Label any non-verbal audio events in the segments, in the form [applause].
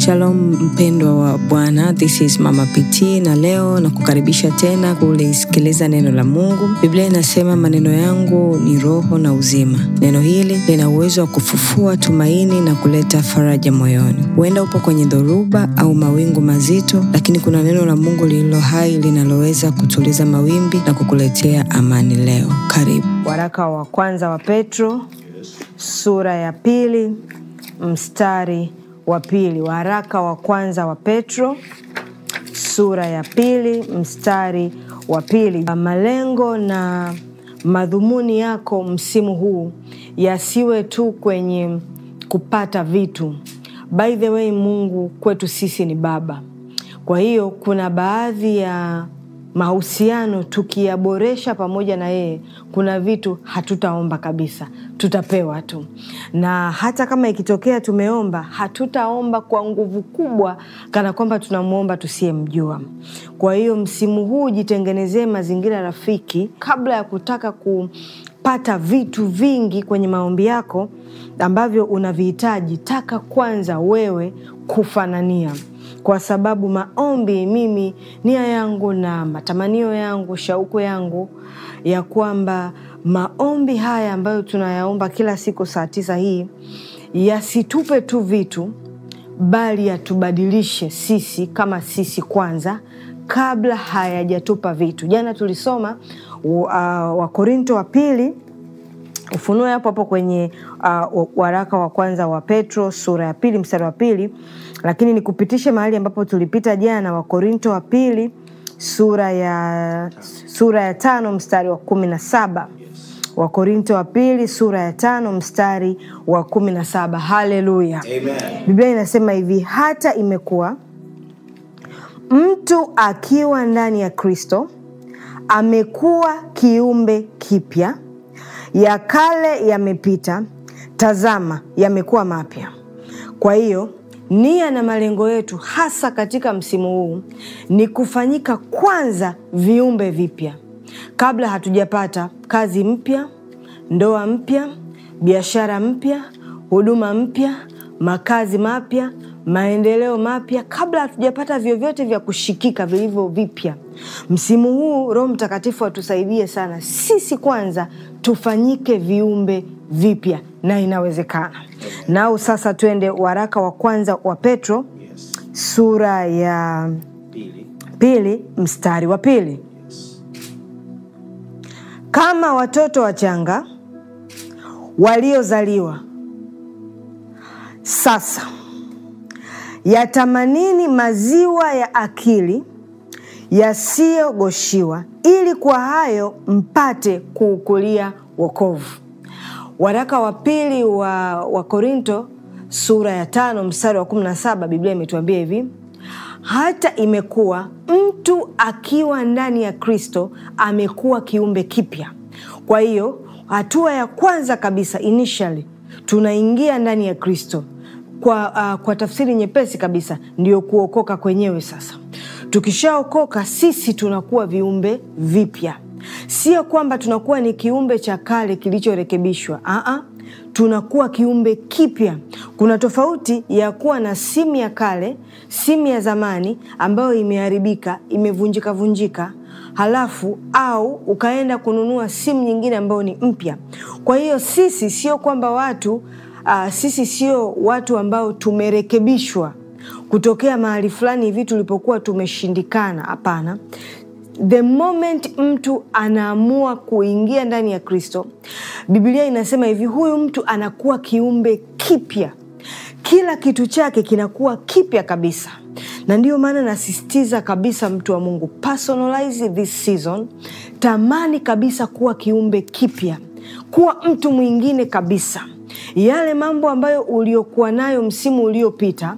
Shalom mpendwa wa Bwana, this is Mama PT na leo na kukaribisha tena kulisikiliza neno la Mungu. Biblia inasema maneno yangu ni roho na uzima. Neno hili lina uwezo wa kufufua tumaini na kuleta faraja moyoni. Huenda upo kwenye dhoruba au mawingu mazito, lakini kuna neno la Mungu lililo hai linaloweza kutuliza mawimbi na kukuletea amani leo. Karibu waraka wa kwanza wa Petro sura ya pili mstari wa pili, waraka wa kwanza wa Petro sura ya pili mstari wa pili. Malengo na madhumuni yako msimu huu yasiwe tu kwenye kupata vitu. By the way, Mungu kwetu sisi ni baba. Kwa hiyo kuna baadhi ya mahusiano tukiyaboresha pamoja na yeye, kuna vitu hatutaomba kabisa, tutapewa tu. Na hata kama ikitokea tumeomba, hatutaomba kwa nguvu kubwa, kana kwamba tunamwomba tusiyemjua. Kwa hiyo msimu huu jitengenezee mazingira rafiki, kabla ya kutaka kupata vitu vingi kwenye maombi yako ambavyo unavihitaji. Taka kwanza wewe kufanania kwa sababu maombi, mimi nia yangu na matamanio yangu, shauku yangu ya kwamba maombi haya ambayo tunayaomba kila siku saa tisa hii yasitupe tu vitu, bali yatubadilishe sisi kama sisi kwanza kabla hayajatupa vitu. Jana tulisoma uh, Wakorinto wa pili Ufunue hapo hapo kwenye uh, waraka wa kwanza wa Petro sura ya pili mstari wa pili lakini nikupitishe mahali ambapo tulipita jana, Wakorinto wa pili sura ya, sura ya tano mstari wa kumi na saba. Wakorinto wa pili sura ya tano mstari wa kumi na saba. Haleluya, Biblia inasema hivi, hata imekuwa mtu akiwa ndani ya Kristo amekuwa kiumbe kipya, ya kale yamepita, tazama, yamekuwa mapya. Kwa hiyo Nia na malengo yetu hasa katika msimu huu ni kufanyika kwanza viumbe vipya, kabla hatujapata kazi mpya, ndoa mpya, biashara mpya, huduma mpya, makazi mapya, maendeleo mapya, kabla hatujapata vyovyote vya kushikika vilivyo vipya. Msimu huu Roho Mtakatifu atusaidie sana sisi kwanza tufanyike viumbe vipya, na inawezekana. Nao sasa twende waraka wa kwanza wa Petro yes. sura ya pili, pili mstari wa pili yes. Kama watoto wachanga waliozaliwa sasa, yatamanini maziwa ya akili yasiyogoshiwa, ili kwa hayo mpate kuukulia wokovu. Waraka wa pili wa Wakorinto sura ya tano mstari wa kumi na saba Biblia imetuambia hivi: hata imekuwa mtu akiwa ndani ya Kristo amekuwa kiumbe kipya. Kwa hiyo hatua ya kwanza kabisa initially tunaingia ndani ya Kristo kwa, uh, kwa tafsiri nyepesi kabisa ndiyo kuokoka kwenyewe. Sasa tukishaokoka sisi tunakuwa viumbe vipya Sio kwamba tunakuwa ni kiumbe cha kale kilichorekebishwa. Aa, tunakuwa kiumbe kipya. Kuna tofauti ya kuwa na simu ya kale, simu ya zamani ambayo imeharibika, imevunjika vunjika halafu au ukaenda kununua simu nyingine ambayo ni mpya. Kwa hiyo sisi sio kwamba watu uh, sisi sio watu ambao tumerekebishwa kutokea mahali fulani hivi tulipokuwa tumeshindikana. Hapana, the moment mtu anaamua kuingia ndani ya Kristo, Biblia inasema hivi, huyu mtu anakuwa kiumbe kipya, kila kitu chake kinakuwa kipya kabisa. Na ndiyo maana nasisitiza kabisa, mtu wa Mungu, personalize this season, tamani kabisa kuwa kiumbe kipya, kuwa mtu mwingine kabisa. Yale mambo ambayo uliokuwa nayo msimu uliopita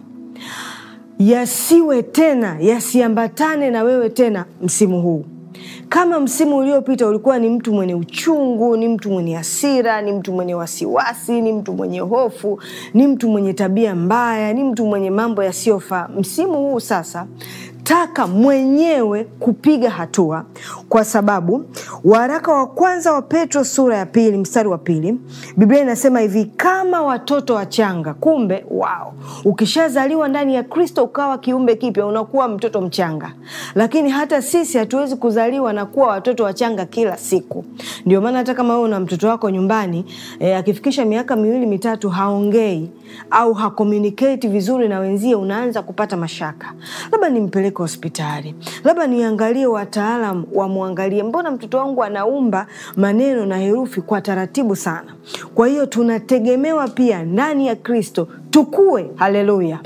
yasiwe tena, yasiambatane na wewe tena msimu huu. Kama msimu uliopita ulikuwa ni mtu mwenye uchungu, ni mtu mwenye hasira, ni mtu mwenye wasiwasi, ni mtu mwenye hofu, ni mtu mwenye tabia mbaya, ni mtu mwenye mambo yasiyofaa, msimu huu sasa kutaka mwenyewe kupiga hatua, kwa sababu waraka wa kwanza wa Petro sura ya pili mstari wa pili Biblia inasema hivi, kama watoto wachanga. Kumbe wao, ukishazaliwa ndani ya Kristo ukawa kiumbe kipya, unakuwa mtoto mchanga. Lakini hata sisi hatuwezi kuzaliwa na kuwa watoto wachanga kila siku. Ndio maana hata kama wewe una mtoto wako nyumbani e, akifikisha miaka miwili mitatu haongei au hakomuniketi vizuri na wenzie, unaanza kupata mashaka, labda nimpeleke kupeleka hospitali, labda niangalie wataalam wamwangalie, mbona mtoto wangu anaumba maneno na herufi kwa taratibu sana. Kwa hiyo tunategemewa pia ndani ya Kristo tukue. Haleluya,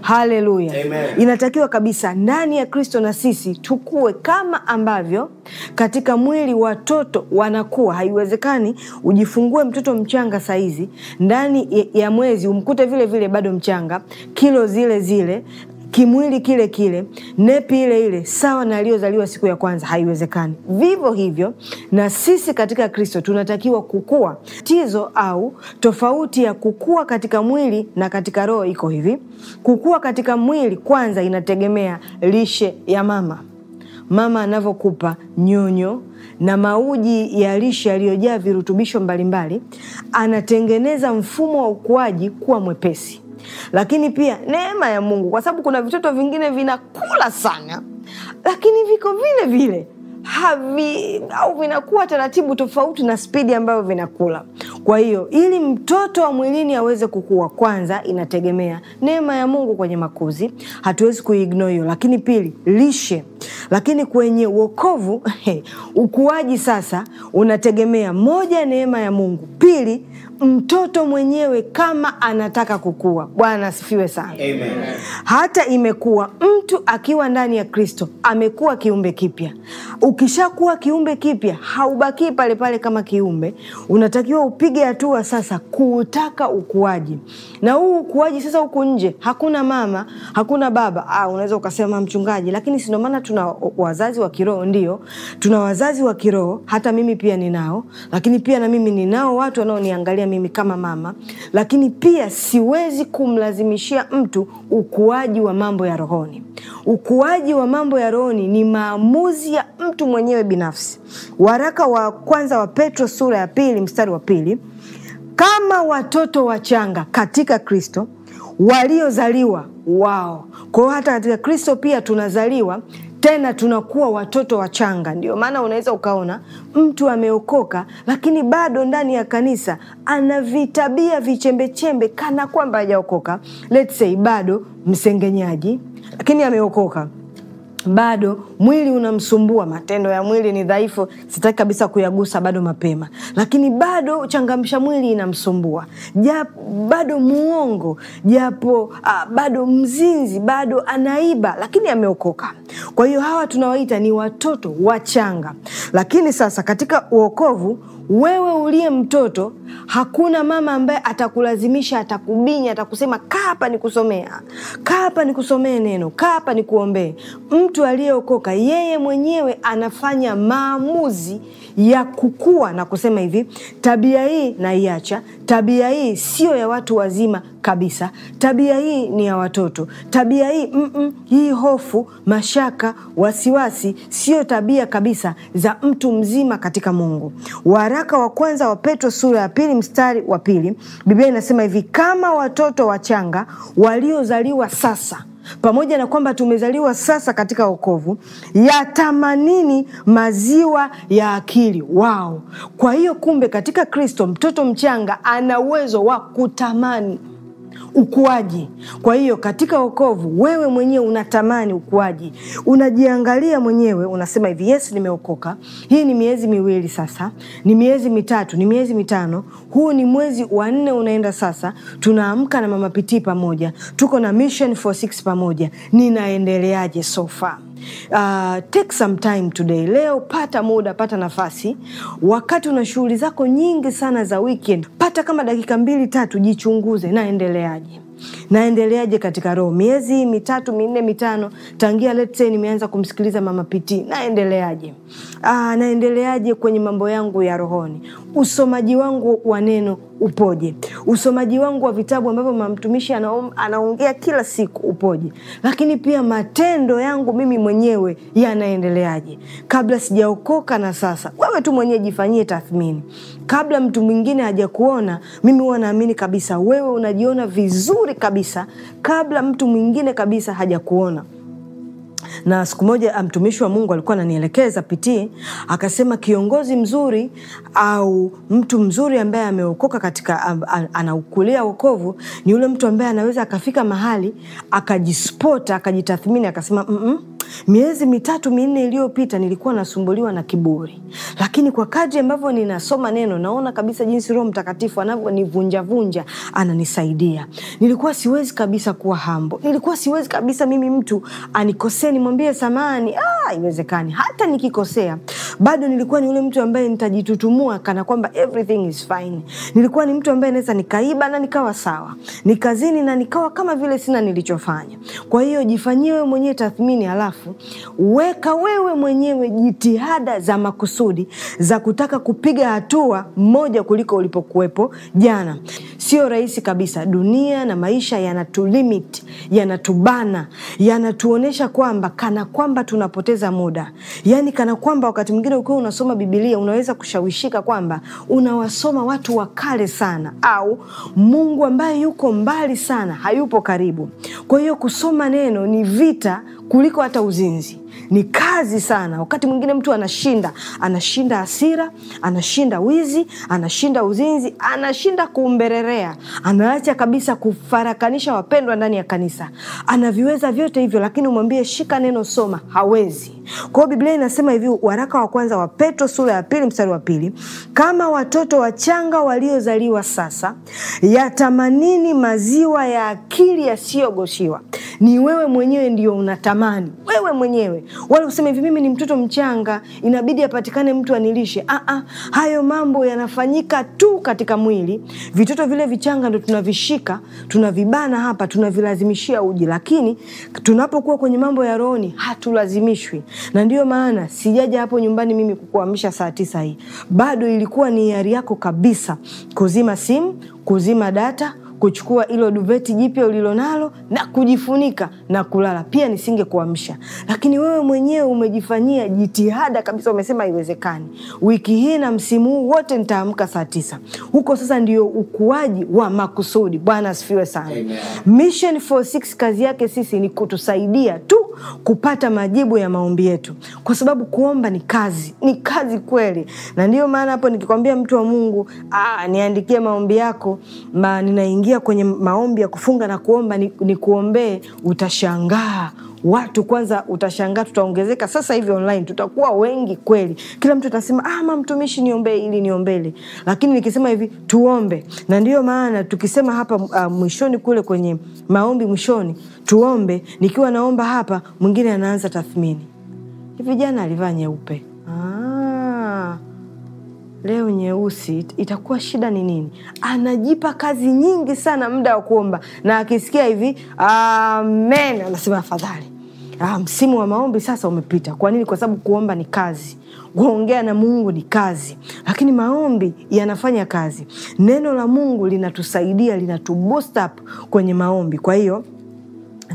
haleluya! Inatakiwa kabisa ndani ya Kristo na sisi tukue, kama ambavyo katika mwili watoto wanakuwa. Haiwezekani ujifungue mtoto mchanga saizi, ndani ya mwezi umkute vile vile bado mchanga, kilo zile zile kimwili kile kile, nepi ile ile, sawa na aliyozaliwa siku ya kwanza, haiwezekani. Vivyo hivyo na sisi katika Kristo tunatakiwa kukua. Tizo au tofauti ya kukua katika mwili na katika roho iko hivi: kukua katika mwili kwanza inategemea lishe ya mama mama anavyokupa nyonyo na mauji ya lishe yaliyojaa virutubisho mbalimbali, anatengeneza mfumo wa ukuaji kuwa mwepesi lakini pia neema ya Mungu, kwa sababu kuna vitoto vingine vinakula sana, lakini viko vile vile havi au vinakuwa taratibu tofauti na spidi ambayo vinakula. Kwa hiyo ili mtoto wa mwilini aweze kukua, kwanza inategemea neema ya Mungu kwenye makuzi, hatuwezi kuiigno hiyo, lakini pili lishe lakini kwenye uokovu ukuaji sasa unategemea moja, neema ya Mungu; pili, mtoto mwenyewe kama anataka kukua. Bwana asifiwe sana, amen. Hata imekuwa mtu akiwa ndani ya Kristo amekuwa kiumbe kipya. Ukishakuwa kiumbe kipya, haubakii palepale kama kiumbe, unatakiwa upige hatua sasa kuutaka ukuaji, na huu ukuaji sasa, huku nje hakuna mama, hakuna baba. Ah, unaweza ukasema mchungaji, lakini sindomaana tuna wazazi wa kiroho ndio, tuna wazazi wa kiroho, hata mimi pia ninao, lakini pia na mimi ninao watu wanaoniangalia mimi kama mama, lakini pia siwezi kumlazimishia mtu ukuaji wa mambo ya rohoni. Ukuaji wa mambo ya rohoni ni maamuzi ya mtu mwenyewe binafsi. Waraka wa kwanza wa Petro sura ya pili mstari wa pili kama watoto wachanga katika Kristo waliozaliwa wao. Kwa hiyo hata katika Kristo pia tunazaliwa tena tunakuwa watoto wachanga. Ndio maana unaweza ukaona mtu ameokoka, lakini bado ndani ya kanisa ana vitabia vichembechembe kana kwamba hajaokoka. Let's say bado msengenyaji, lakini ameokoka bado mwili unamsumbua, matendo ya mwili ni dhaifu, sitaki kabisa kuyagusa bado mapema, lakini bado changamsha mwili inamsumbua, japo bado muongo, japo ah, bado mzinzi, bado anaiba, lakini ameokoka. Kwa hiyo hawa tunawaita ni watoto wachanga, lakini sasa katika uokovu wewe uliye mtoto, hakuna mama ambaye atakulazimisha, atakubinya, atakusema kaa hapa nikusomea, kaa hapa nikusomee neno, kaa hapa nikuombee. Mtu aliyeokoka yeye mwenyewe anafanya maamuzi ya kukua na kusema hivi, tabia hii naiacha, tabia hii sio ya watu wazima kabisa, tabia hii ni ya watoto, tabia hii mm -mm, hii hofu, mashaka, wasiwasi sio tabia kabisa za mtu mzima katika Mungu. Waraka wa kwanza wa Petro sura ya pili mstari wa pili Biblia inasema hivi, kama watoto wachanga waliozaliwa sasa pamoja na kwamba tumezaliwa sasa katika wokovu, yatamanini maziwa ya akili wao. Kwa hiyo kumbe, katika Kristo mtoto mchanga ana uwezo wa kutamani ukuaji. Kwa hiyo katika wokovu, wewe mwenyewe unatamani ukuaji, unajiangalia mwenyewe, unasema hivi, yes, nimeokoka. Hii ni miezi miwili sasa, ni miezi mitatu, ni miezi mitano, huu ni mwezi wa nne unaenda sasa. Tunaamka na Mama Pitii pamoja, tuko na Mission for Six pamoja, ninaendeleaje sofa Uh, take some time today, leo pata muda, pata nafasi. Wakati una shughuli zako nyingi sana za weekend, pata kama dakika mbili tatu, jichunguze naendeleaje naendeleaje katika roho, miezi mitatu minne mitano tangia let's say nimeanza kumsikiliza Mama Piti, naendeleaje? Aa, ah, naendeleaje kwenye mambo yangu ya rohoni? Usomaji wangu wa neno upoje? Usomaji wangu wa vitabu ambavyo mamtumishi anaongea kila siku upoje? Lakini pia matendo yangu mimi mwenyewe yanaendeleaje kabla sijaokoka na sasa? Wewe tu mwenyewe jifanyie tathmini kabla mtu mwingine hajakuona, mimi huwa naamini kabisa wewe unajiona vizuri kabisa kabla mtu mwingine kabisa hajakuona na siku moja ah, mtumishi wa Mungu alikuwa ananielekeza pitii, akasema kiongozi mzuri au mtu mzuri ambaye ameokoka katika anaukulia wokovu ni yule mtu ambaye anaweza akafika mahali akajispota, akajitathmini, akasema mm -mm. Miezi mitatu minne iliyopita nilikuwa nasumbuliwa na kiburi, lakini kwa kadri ambavyo ninasoma neno naona kabisa jinsi Roho Mtakatifu anavyonivunjavunja, ananisaidia. Nilikuwa siwezi kabisa kuwa hambo, nilikuwa siwezi kabisa mimi mtu anikosee nimwambie samani, ah, iwezekani. Hata nikikosea bado nilikuwa ni ule mtu ambaye nitajitutumua kana kwamba everything is fine. Nilikuwa ni mtu ambaye naweza nikaiba na nikawa sawa, nikazini na nikawa kama vile sina nilichofanya. Kwa hiyo jifanyie wewe mwenyewe tathmini halafu halafu weka wewe mwenyewe jitihada za makusudi za kutaka kupiga hatua moja kuliko ulipokuwepo jana. Sio rahisi kabisa. Dunia na maisha yanatulimit, yanatubana, yanatuonyesha kwamba kana kwamba tunapoteza muda, yaani kana kwamba wakati mwingine ukiwa unasoma Bibilia unaweza kushawishika kwamba unawasoma watu wa kale sana, au Mungu ambaye yuko mbali sana hayupo karibu. Kwa hiyo kusoma neno ni vita kuliko hata uzinzi ni kazi sana. Wakati mwingine mtu anashinda, anashinda hasira, anashinda wizi, anashinda uzinzi, anashinda kuumbererea, anaacha kabisa kufarakanisha wapendwa ndani ya kanisa. Anaviweza vyote hivyo, lakini umwambie shika neno, soma, hawezi. Kwa hiyo Biblia inasema hivi, waraka wa kwanza wa Petro sura ya pili mstari wa pili, kama watoto wachanga waliozaliwa sasa, yatamanini maziwa ya akili yasiyogoshiwa. Ni wewe mwenyewe ndio unatamani, wewe mwenyewe wala useme hivi mimi ni mtoto mchanga inabidi apatikane mtu anilishe. Ah, ah, hayo mambo yanafanyika tu katika mwili. Vitoto vile vichanga ndo tunavishika, tunavibana hapa, tunavilazimishia uji, lakini tunapokuwa kwenye mambo ya rohoni hatulazimishwi. Na ndiyo maana sijaja hapo nyumbani mimi kukuamsha saa tisa hii, bado ilikuwa ni hiari yako kabisa kuzima simu, kuzima data kuchukua ilo duveti jipya ulilonalo na kujifunika na kulala, pia nisingekuamsha. Lakini wewe mwenyewe umejifanyia jitihada kabisa, umesema haiwezekani, wiki hii na msimu huu wote nitaamka saa tisa. Huko sasa ndio ukuaji wa makusudi. Bwana asifiwe sana. Mission 46 kazi yake sisi ni kutusaidia tu kupata majibu ya maombi yetu, kwa sababu kuomba ni kazi, ni kazi kweli. Na ndiyo maana hapo nikikwambia mtu wa Mungu, aa, niandikie maombi yako ma, ninaingia kwenye maombi ya kufunga na kuomba, nikuombee, utashangaa watu kwanza, utashangaa tutaongezeka sasa hivi online, tutakuwa wengi kweli. Kila mtu atasema ah, ma mtumishi, niombee ili niombele. Lakini nikisema hivi tuombe, na ndiyo maana tukisema hapa uh, mwishoni kule kwenye maombi mwishoni tuombe, nikiwa naomba hapa, mwingine anaanza tathmini, hivi jana alivaa nyeupe leo nyeusi itakuwa shida ni nini? Anajipa kazi nyingi sana muda wa kuomba, na akisikia hivi amen, anasema afadhali ah, msimu wa maombi sasa umepita. Kwa nini? Kwa sababu kuomba ni kazi, kuongea na Mungu ni kazi, lakini maombi yanafanya kazi. Neno la Mungu linatusaidia, linatubst kwenye maombi, kwa hiyo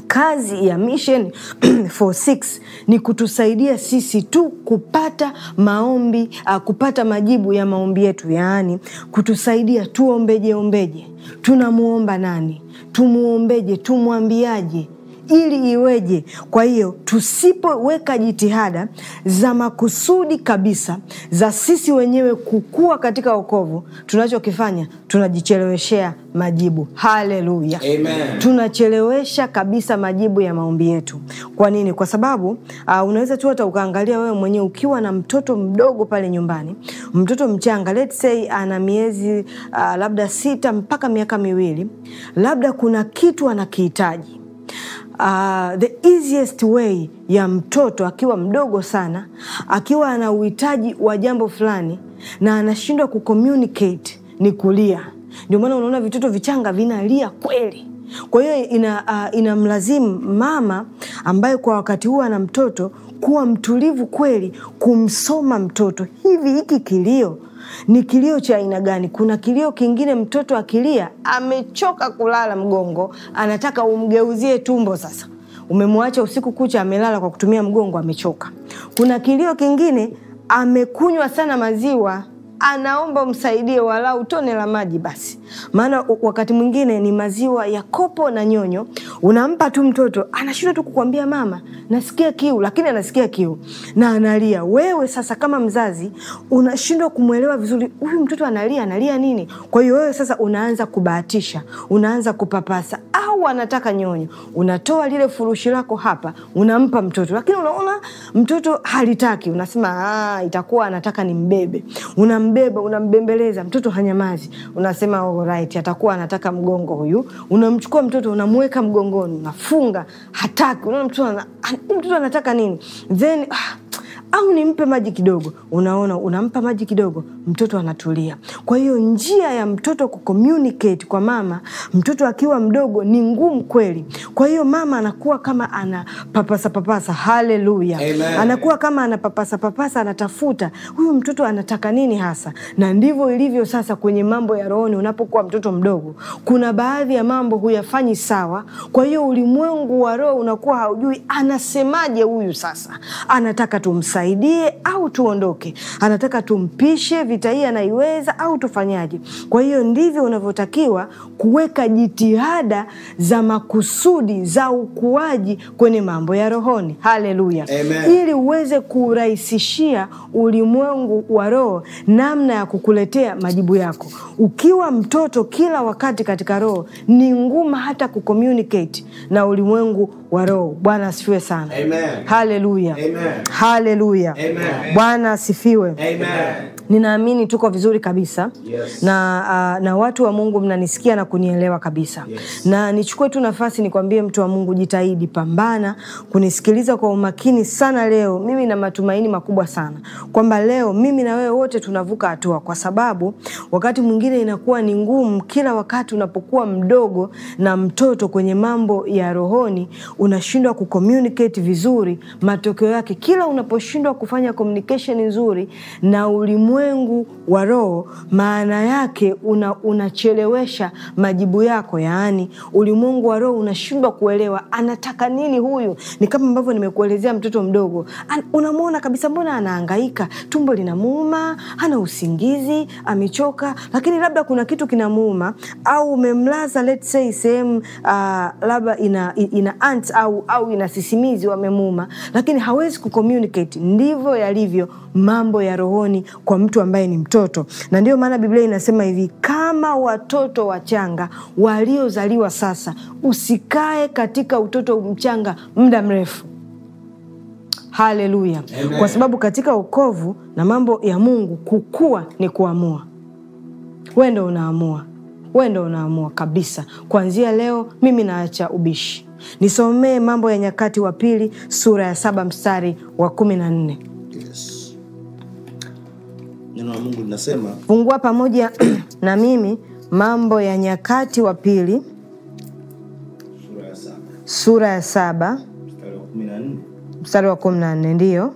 Kazi ya Mission 46 [clears throat] ni kutusaidia sisi tu kupata maombi uh, kupata majibu ya maombi yetu, yaani kutusaidia tuombejeombeje, tunamwomba nani, tumwombeje, tumwambiaje ili iweje? Kwa hiyo tusipoweka jitihada za makusudi kabisa za sisi wenyewe kukua katika wokovu, tunachokifanya tunajicheleweshea majibu. Haleluya, amen. Tunachelewesha kabisa majibu ya maombi yetu. Kwa nini? Kwa sababu uh, unaweza tu hata ukaangalia wewe mwenyewe ukiwa na mtoto mdogo pale nyumbani, mtoto mchanga, let's say ana miezi uh, labda sita mpaka miaka miwili, labda kuna kitu anakihitaji uh, the easiest way ya mtoto akiwa mdogo sana, akiwa ana uhitaji wa jambo fulani na anashindwa kucommunicate ni kulia. Ndio maana unaona vitoto vichanga vinalia kweli. Kwa hiyo ina, uh, inamlazimu mama ambaye kwa wakati huo ana mtoto kuwa mtulivu kweli, kumsoma mtoto hivi, hiki kilio ni kilio cha aina gani? Kuna kilio kingine, mtoto akilia amechoka kulala mgongo, anataka umgeuzie tumbo sasa umemwacha usiku kucha amelala kwa kutumia mgongo, amechoka. Kuna kilio kingine, amekunywa sana maziwa, anaomba msaidie walau tone la maji basi, maana wakati mwingine ni maziwa ya kopo na nyonyo, unampa tu mtoto, anashindwa tu kukwambia mama, nasikia kiu, lakini anasikia kiu na analia. Wewe sasa kama mzazi unashindwa kumwelewa vizuri, huyu mtoto analia, analia nini? Kwa hiyo wewe sasa unaanza kubahatisha, unaanza kupapasa, au anataka nyonyo, unatoa lile furushi lako hapa, unampa mtoto, lakini unaona mtoto halitaki, unasema itakuwa anataka nimbebe, unam unambeba unambembeleza, mtoto hanyamazi. Unasema alright, oh, atakuwa anataka mgongo huyu. Unamchukua mtoto unamweka mgongoni, unafunga, hataki. Unaona mtoto, mtoto anataka nini? Then ah, au nimpe maji kidogo. Unaona, unampa maji kidogo, mtoto anatulia. Kwa hiyo njia ya mtoto kucommunicate kwa mama, mtoto akiwa mdogo ni ngumu kweli. Kwa hiyo mama anakuwa kama ana papasa papasa, haleluya, anakuwa kama ana papasa papasa, anatafuta huyu mtoto anataka nini hasa, na ndivyo ilivyo sasa kwenye mambo ya rohoni. Unapokuwa mtoto mdogo, kuna baadhi ya mambo huyafanyi sawa, kwa hiyo ulimwengu wa roho unakuwa haujui anasemaje huyu sasa, anataka tumsa tusaidie au tuondoke, anataka tumpishe, vita hii anaiweza au tufanyaje? Kwa hiyo ndivyo unavyotakiwa kuweka jitihada za makusudi za ukuaji kwenye mambo ya rohoni. Haleluya, ili uweze kurahisishia ulimwengu wa roho namna ya kukuletea majibu yako. Ukiwa mtoto kila wakati katika roho, ni ngumu hata kucommunicate na ulimwengu wa roho. Bwana asifiwe sana. Haleluya, haleluya. Haleluya. Bwana asifiwe. Amen. ninaamini tuko vizuri kabisa yes. na, uh, na watu wa Mungu mnanisikia na kunielewa kabisa yes. na nichukue tu nafasi nikwambie mtu wa Mungu, jitahidi, pambana kunisikiliza kwa umakini sana leo. Mimi na matumaini makubwa sana kwamba leo mimi na wewe wote tunavuka hatua, kwa sababu wakati mwingine inakuwa ni ngumu kila wakati unapokuwa mdogo na mtoto kwenye mambo ya rohoni, unashindwa ku vizuri. Matokeo yake kila unaposhindwa kufanya nzuri na ulimwengu ulimwengu wa roho, maana yake una, unachelewesha majibu yako. Yaani ulimwengu wa roho unashindwa kuelewa anataka nini huyu. Ni kama ambavyo nimekuelezea mtoto mdogo, unamwona kabisa, mbona anaangaika, tumbo linamuuma, hana usingizi, amechoka, lakini labda kuna kitu kinamuuma, au umemlaza let's say sehemu uh, labda ina, ina ant au, au ina sisimizi wamemuuma, lakini hawezi kucommunicate. Ndivyo yalivyo mambo ya rohoni kwa mtu mtu ambaye ni mtoto, na ndiyo maana Biblia inasema hivi, kama watoto wachanga waliozaliwa sasa, usikae katika utoto mchanga muda mrefu. Haleluya! Kwa sababu katika ukovu na mambo ya Mungu kukua ni kuamua. we ndo unaamua, we ndo unaamua kabisa. Kuanzia leo mimi naacha ubishi. Nisomee Mambo ya Nyakati wa Pili sura ya saba mstari wa kumi na nne. Yes neno la Mungu linasema, fungua pamoja [clears throat] na mimi Mambo ya Nyakati wa Pili sura ya saba sura ya mstari wa kumi na nne ndiyo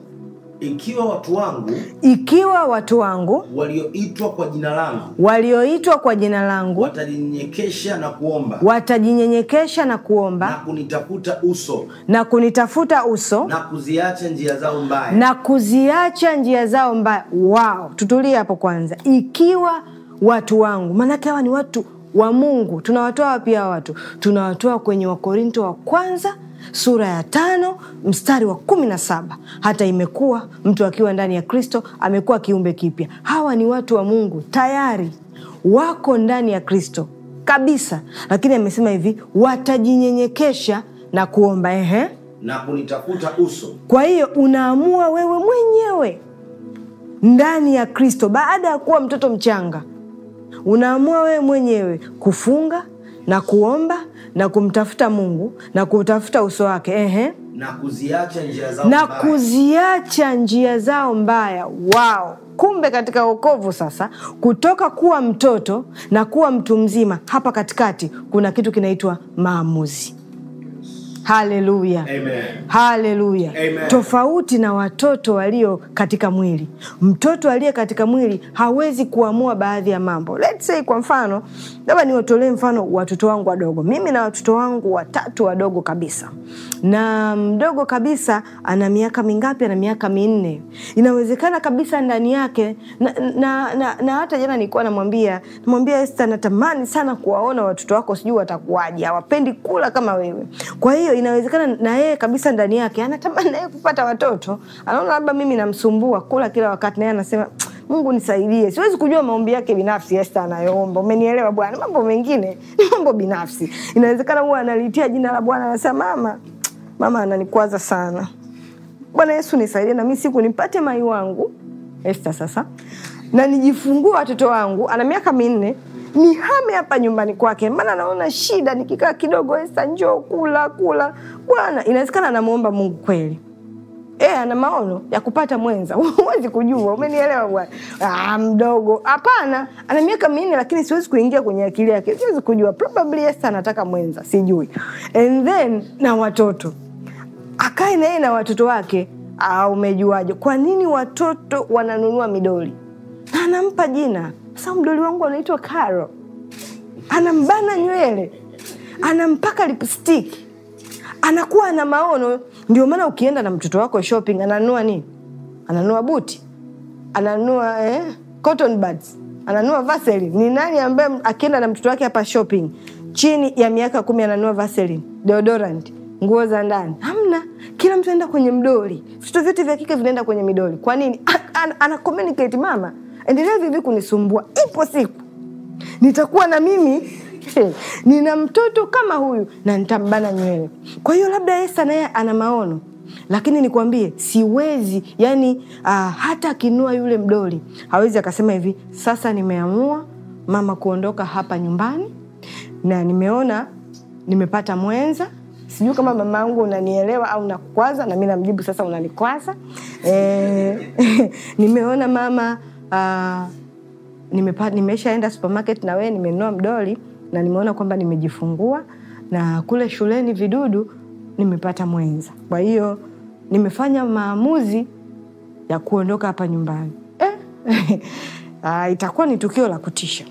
ikiwa watu wangu ikiwa watu wangu walioitwa kwa jina langu walioitwa kwa jina langu watajinyenyekesha na kuomba watajinyenyekesha na kuomba na kunitafuta uso na kunitafuta uso na kuziacha njia zao mbaya na kuziacha njia zao mbaya wao tutulie hapo kwanza ikiwa watu wangu maanake hawa ni watu wa mungu tunawatoa wapi hawa watu tunawatoa kwenye wakorinto wa kwanza sura ya tano mstari wa kumi na saba hata imekuwa mtu akiwa ndani ya Kristo amekuwa kiumbe kipya. Hawa ni watu wa Mungu tayari wako ndani ya Kristo kabisa, lakini amesema hivi watajinyenyekesha na kuomba, ehe, na kunitafuta uso. Kwa hiyo unaamua wewe mwenyewe ndani ya Kristo, baada ya kuwa mtoto mchanga, unaamua wewe mwenyewe kufunga na kuomba na kumtafuta Mungu na kutafuta uso wake, ehe, na kuziacha njia zao na mbaya, kuziacha njia zao mbaya. Wao kumbe katika wokovu sasa, kutoka kuwa mtoto na kuwa mtu mzima, hapa katikati kuna kitu kinaitwa maamuzi. Haleluya, haleluya. Tofauti na watoto walio katika mwili, mtoto aliye katika mwili hawezi kuamua baadhi ya mambo. Let's say kwa mfano, labda niwatolee mfano watoto wangu wadogo. Mimi na watoto wangu watatu wadogo kabisa, na mdogo kabisa ana miaka mingapi? Ana miaka minne. Inawezekana kabisa ndani yake na, na, na, na hata jana nilikuwa namwambia namwambia Esta, natamani sana kuwaona watoto wako, sijui watakuwaji hawapendi kula kama wewe. Kwa hiyo inawezekana na yeye kabisa ndani yake anatamani naye kupata watoto, anaona labda mimi namsumbua kula kila wakati, naye anasema Mungu nisaidie. Siwezi kujua maombi yake binafsi Esta anayoomba, umenielewa bwana. Mambo mengine [laughs] ni mambo binafsi, inawezekana huwa analitia jina la Bwana, anasema mama, mama ananikwaza sana, Bwana Yesu nisaidie na mimi siku nipate mai wangu Esta sasa na nijifungue watoto wangu. Ana miaka minne ni hame hapa nyumbani kwake, maana naona shida nikikaa kidogo. Esa, njoo kula kula. Bwana, inawezekana anamwomba Mungu kweli E, ana maono ya kupata mwenza [laughs] huwezi kujua, umenielewa bwana? Ah, mdogo hapana, ana miaka minne, lakini siwezi kuingia kwenye akili yake, siwezi kujua, probably yes, anataka mwenza, sijui. And then na watoto, akae naye na watoto wake. Ah, umejuaje? Kwa nini watoto wananunua midoli? Anampa jina sababu mdoli wangu anaitwa Karo, anambana nywele, anampaka lipstiki, anakuwa ana maono. Ndio maana ukienda na mtoto wako shopping, ananua nini? Ananua buti, ananua eh, cotton buds, ananua Vaseline. Ni nani ambaye akienda na mtoto wake hapa shopping chini ya miaka kumi ananua Vaseline, deodorant, nguo za ndani? Hamna. Kila mtu anaenda kwenye mdoli, vitu vyote vya kike vinaenda kwenye midoli. Kwa nini? ana communicate mama endelea vivi kunisumbua. Ipo siku nitakuwa na mimi [laughs] nina mtoto kama huyu na nitambana nywele. Kwa hiyo labda Esa naye ana maono, lakini nikwambie, siwezi yani. Uh, hata akinua yule mdoli hawezi akasema hivi, sasa nimeamua mama kuondoka hapa nyumbani na nimeona nimepata mwenza. Sijui kama mama yangu unanielewa au nakukwaza, na mi namjibu sasa unanikwaza. E, [laughs] nimeona mama Ah, nimepa, nimeshaenda supermarket na wewe nimenunua mdoli na nimeona kwamba nimejifungua, na kule shuleni vidudu nimepata mwenza, kwa hiyo nimefanya maamuzi ya kuondoka hapa nyumbani eh? Uh, [laughs] itakuwa ni tukio la kutisha.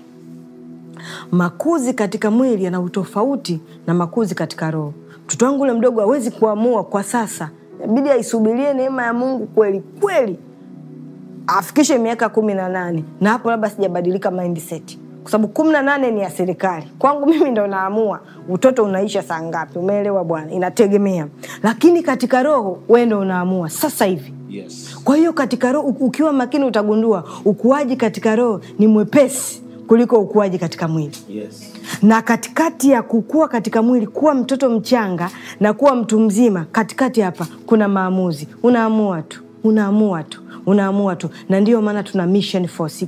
Makuzi katika mwili yana utofauti na makuzi katika roho. Mtoto wangu ule mdogo hawezi kuamua kwa sasa, inabidi aisubirie neema ya Mungu kweli kweli, afikishe miaka kumi na nane na hapo labda sijabadilika mindset kwa sababu kumi na nane ni ya serikali kwangu mimi ndo naamua utoto unaisha saa ngapi umeelewa bwana inategemea lakini katika roho we ndo unaamua sasa hivi yes. kwa hiyo katika roho ukiwa makini utagundua ukuaji katika roho ni mwepesi kuliko ukuaji katika mwili yes. na katikati ya kukua katika mwili kuwa mtoto mchanga na kuwa mtu mzima katikati hapa kuna maamuzi unaamua tu unaamua tu unaamua tu, na ndiyo maana tuna Mission 46.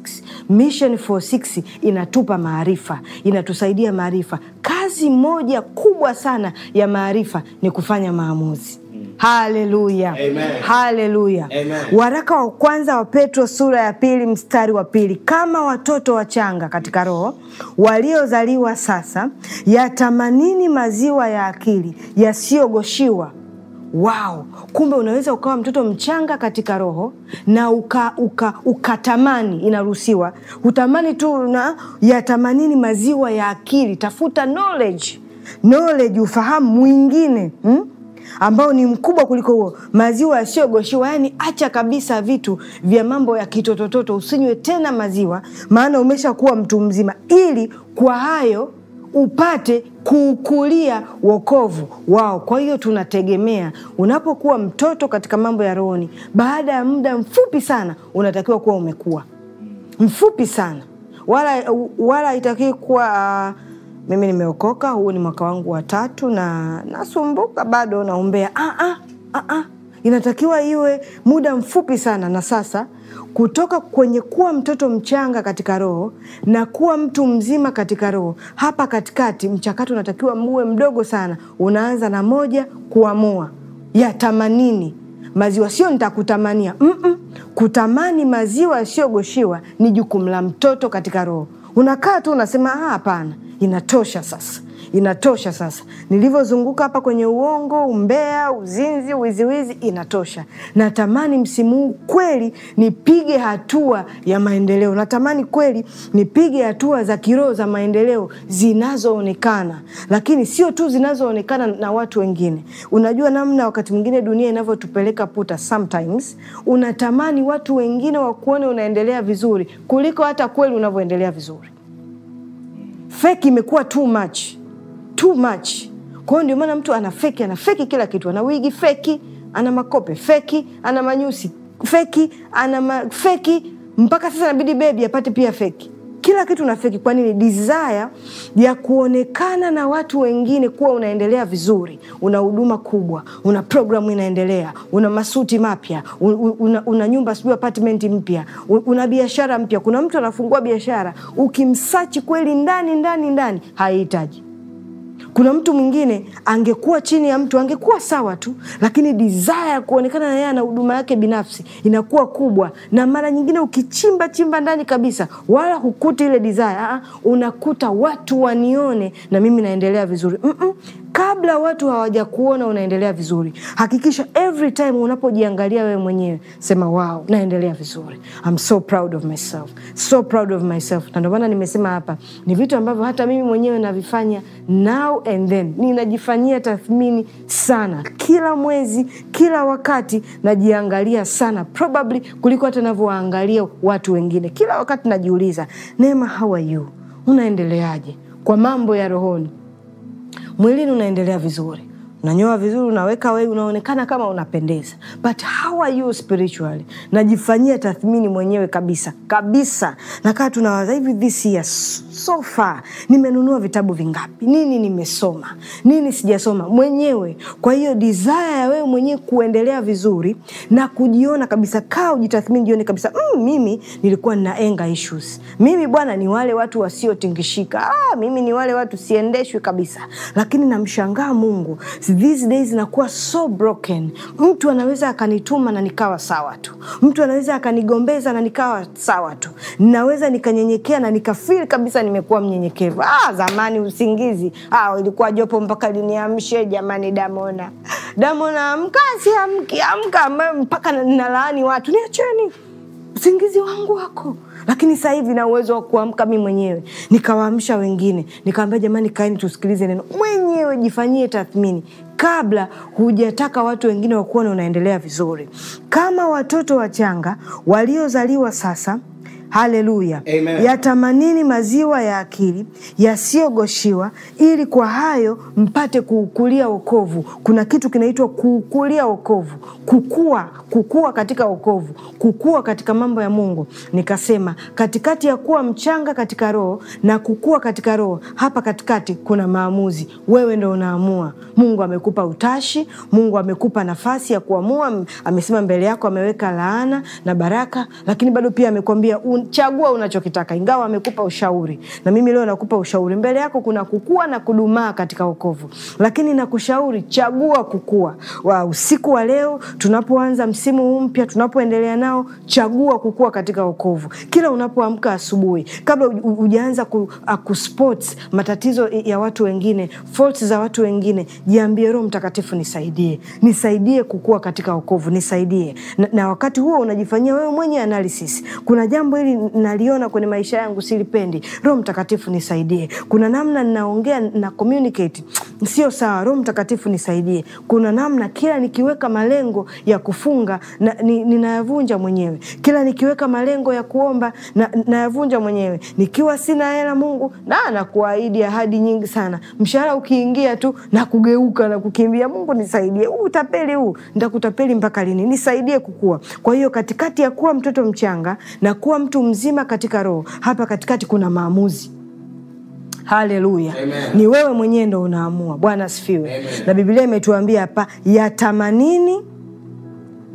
Mission 46 inatupa maarifa, inatusaidia maarifa. Kazi moja kubwa sana ya maarifa ni kufanya maamuzi. Mm. Haleluya, haleluya! Waraka wa kwanza wa Petro sura ya pili mstari wa pili kama watoto wachanga katika roho waliozaliwa sasa, yatamanini maziwa ya akili yasiyogoshiwa wow, kumbe unaweza ukawa mtoto mchanga katika roho na uka, uka, ukatamani, inaruhusiwa utamani tu na yatamanini maziwa ya akili. Tafuta knowledge, knowledge, ufahamu mwingine hmm? ambao ni mkubwa kuliko huo, maziwa yasiyogoshiwa. Yani acha kabisa vitu vya mambo ya kitotototo, usinywe tena maziwa, maana umeshakuwa mtu mzima, ili kwa hayo upate kuukulia wokovu wao. Kwa hiyo tunategemea unapokuwa mtoto katika mambo ya rohoni, baada ya muda mfupi sana unatakiwa kuwa umekuwa mfupi sana, wala wala itakii kuwa uh, mimi nimeokoka, huu ni mwaka wangu wa tatu na nasumbuka bado naombea. ah, ah, ah, ah inatakiwa iwe muda mfupi sana na sasa, kutoka kwenye kuwa mtoto mchanga katika roho na kuwa mtu mzima katika roho. Hapa katikati mchakato unatakiwa muwe mdogo sana, unaanza na moja, kuamua ya tamanini maziwa sio nitakutamania. mm -mm. Kutamani maziwa yasiyogoshiwa ni jukumu la mtoto katika roho. Unakaa tu unasema ah, hapana, inatosha sasa inatosha sasa. Nilivyozunguka hapa kwenye uongo, umbea, uzinzi, wiziwizi, inatosha. Natamani msimu huu kweli nipige hatua ya maendeleo, natamani kweli nipige hatua za kiroho za maendeleo zinazoonekana, lakini sio tu zinazoonekana na watu wengine. Unajua namna wakati mwingine dunia inavyotupeleka puta, sometimes unatamani watu wengine wakuone unaendelea vizuri kuliko hata kweli unavyoendelea vizuri. Feki imekuwa too much too much. Kwa hiyo ndio maana mtu ana feki, ana feki kila kitu, ana wigi feki, ana makope feki, ana manyusi feki, ana feki mpaka sasa inabidi bebi apate pia feki kila kitu na feki. Kwa nini? Desire ya kuonekana na watu wengine kuwa unaendelea vizuri, una huduma kubwa, una programu inaendelea, una masuti mapya, una, una nyumba sijui apartment mpya, una biashara mpya. Kuna mtu anafungua biashara, ukimsachi kweli ndani ndani ndani, haihitaji kuna mtu mwingine angekuwa chini ya mtu, angekuwa sawa tu, lakini desire ya kuonekana na yeye ana huduma yake binafsi inakuwa kubwa, na mara nyingine ukichimba chimba ndani kabisa, wala hukuti ile desire, unakuta watu wanione na mimi naendelea vizuri. Mm-mm kabla watu hawajakuona unaendelea vizuri. Hakikisha every time unapojiangalia wewe mwenyewe, sema wow, naendelea vizuri. I'm so proud of myself. So proud of myself. Na ndio maana nimesema hapa ni vitu ambavyo hata mimi mwenyewe navifanya now and then. Ninajifanyia tathmini sana kila mwezi, kila wakati najiangalia sana probably kuliko hata navyoangalia watu wengine. Kila wakati najiuliza, Neema, how are you? Unaendeleaje kwa mambo ya rohoni? mwilini unaendelea vizuri unanyoa vizuri, unaweka wei, unaonekana kama unapendeza, but how are you spiritually? Najifanyia tathmini mwenyewe kabisa kabisa. Nakaa tunawaza hivi, this year so far nimenunua vitabu vingapi, nini nimesoma, nini sijasoma mwenyewe. Kwa hiyo desire ya wewe mwenyewe kuendelea vizuri na kujiona kabisa, kaa ujitathmini, jione kabisa mm, mimi nilikuwa nina enga issues, mimi bwana ni wale watu wasiotingishika. Ah, mimi ni wale watu siendeshwi kabisa, lakini namshangaa Mungu these days nakuwa so broken. Mtu anaweza akanituma na nikawa sawa tu, mtu anaweza akanigombeza na nikawa sawa tu, naweza nikanyenyekea na nikafil kabisa nimekuwa mnyenyekevu. Ah, zamani usingizi ah, ilikuwa jopo mpaka liniamshe jamani. Damona, Damona amka, siamki amka mpaka nalaani watu, niacheni usingizi wangu wako lakini sasa hivi na uwezo wa kuamka mi mwenyewe nikawaamsha wengine, nikawambia jamani, kaeni tusikilize neno. Mwenyewe jifanyie tathmini kabla hujataka watu wengine wakuone unaendelea vizuri. Kama watoto wachanga waliozaliwa sasa Haleluya! Yatamanini maziwa ya akili yasiyogoshiwa, ili kwa hayo mpate kuukulia wokovu. Kuna kitu kinaitwa kuukulia wokovu, kukua, kukua katika wokovu, kukua katika mambo ya Mungu. Nikasema katikati ya kuwa mchanga katika roho na kukua katika roho, hapa katikati kuna maamuzi. Wewe ndo unaamua. Mungu amekupa utashi, Mungu amekupa nafasi ya kuamua. Amesema mbele yako ameweka laana na baraka, lakini bado pia amekwambia chagua unachokitaka, ingawa amekupa ushauri. Na mimi leo nakupa ushauri, mbele yako kuna kukua na kudumaa katika okovu lakini nakushauri chagua kukua. Wa usiku wa leo tunapoanza msimu huu mpya, tunapoendelea nao, chagua kukua katika okovu Kila unapoamka asubuhi, kabla hujaanza ku, kuspot matatizo ya watu wengine, fault za watu wengine, jiambie, Roho Mtakatifu nisaidie, nisaidie kukua katika okovu nisaidie na, na wakati huo unajifanyia wewe mwenye analysis, kuna jambo hili hili naliona kwenye maisha yangu silipendi, Roho Mtakatifu nisaidie. Kuna namna ninaongea na communicate sio sawa, Roho Mtakatifu nisaidie. Kuna namna kila nikiweka malengo ya kufunga na, ni, ninayavunja mwenyewe. Kila nikiweka malengo ya kuomba na, nayavunja mwenyewe. Nikiwa sina hela, Mungu na nakuahidi ahadi nyingi sana, mshahara ukiingia tu na kugeuka na kukimbia, Mungu nisaidie, huu utapeli huu nitakutapeli mpaka lini? Nisaidie kukua. Kwa hiyo katikati ya kuwa mtoto mchanga na kuwa mtu mtu mzima katika roho. Hapa katikati kuna maamuzi. Haleluya, ni wewe mwenyewe ndo unaamua. Bwana asifiwe. Na Biblia imetuambia hapa yatamanini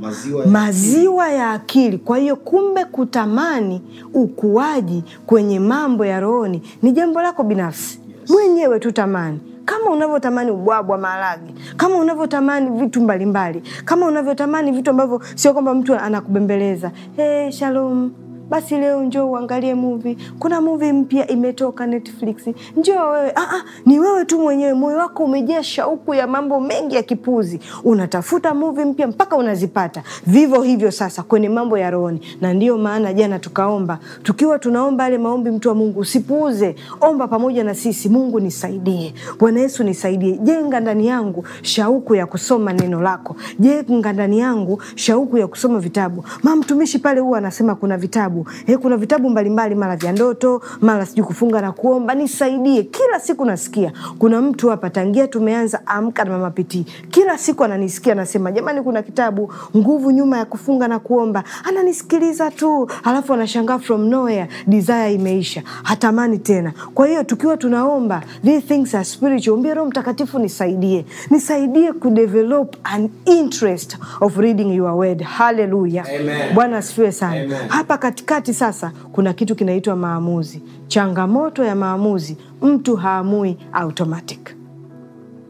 maziwa ya, maziwa ya akili. Kwa hiyo kumbe, kutamani ukuaji kwenye mambo ya rohoni ni jambo lako binafsi, yes. Mwenyewe tu tamani kama unavyotamani ubwabwa, maharage, kama unavyotamani vitu mbalimbali mbali. Kama unavyotamani vitu ambavyo sio kwamba mtu anakubembeleza hey, shalom basi leo njoo uangalie movie, kuna movie mpya imetoka Netflix, njoo wewe. Ah, ah, ni wewe tu mwenyewe, moyo wako umejaa shauku ya mambo mengi ya kipuzi, unatafuta movie mpya mpaka unazipata. Vivyo hivyo sasa kwenye mambo ya rohoni, na ndiyo maana jana tukaomba, tukiwa tunaomba yale maombi, mtu wa Mungu usipuuze, omba pamoja na sisi, Mungu nisaidie, Bwana Yesu nisaidie, jenga ndani yangu shauku ya kusoma neno lako, jenga ndani yangu shauku ya kusoma vitabu. Mama mtumishi pale huwa anasema kuna vitabu yangu. Eh, He, kuna vitabu mbalimbali, mara vya ndoto, mara sijui kufunga na kuomba. Nisaidie, kila siku nasikia kuna mtu hapa tangia tumeanza Amka na Mama Pitii, kila siku ananisikia anasema, jamani, kuna kitabu nguvu nyuma ya kufunga na kuomba. Ananisikiliza tu alafu anashangaa from nowhere desire imeisha, hatamani tena. Kwa hiyo tukiwa tunaomba these things are spiritual, mbie Roho Mtakatifu nisaidie, nisaidie kudevelop an interest of reading your word. Haleluya, Bwana asifiwe sana. Amen. hapa katika katikati sasa kuna kitu kinaitwa maamuzi. Changamoto ya maamuzi, mtu haamui automatic.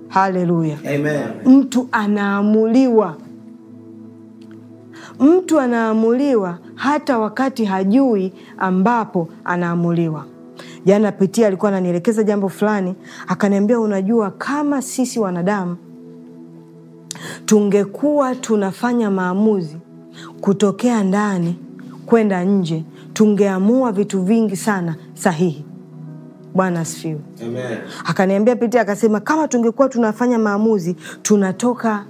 Haleluya, Mtu anaamuliwa, mtu anaamuliwa hata wakati hajui ambapo anaamuliwa. Jana Pitia alikuwa ananielekeza jambo fulani, akaniambia, unajua kama sisi wanadamu tungekuwa tunafanya maamuzi kutokea ndani kwenda nje, tungeamua vitu vingi sana sahihi. Bwana asifiwe. Akaniambia pitia, akasema kama tungekuwa tunafanya maamuzi, tunatoka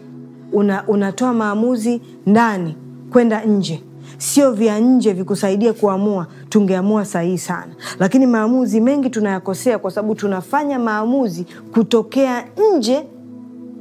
una, unatoa maamuzi ndani kwenda nje sio vya nje vikusaidia kuamua, tungeamua sahihi sana, lakini maamuzi mengi tunayakosea kwa sababu tunafanya maamuzi kutokea nje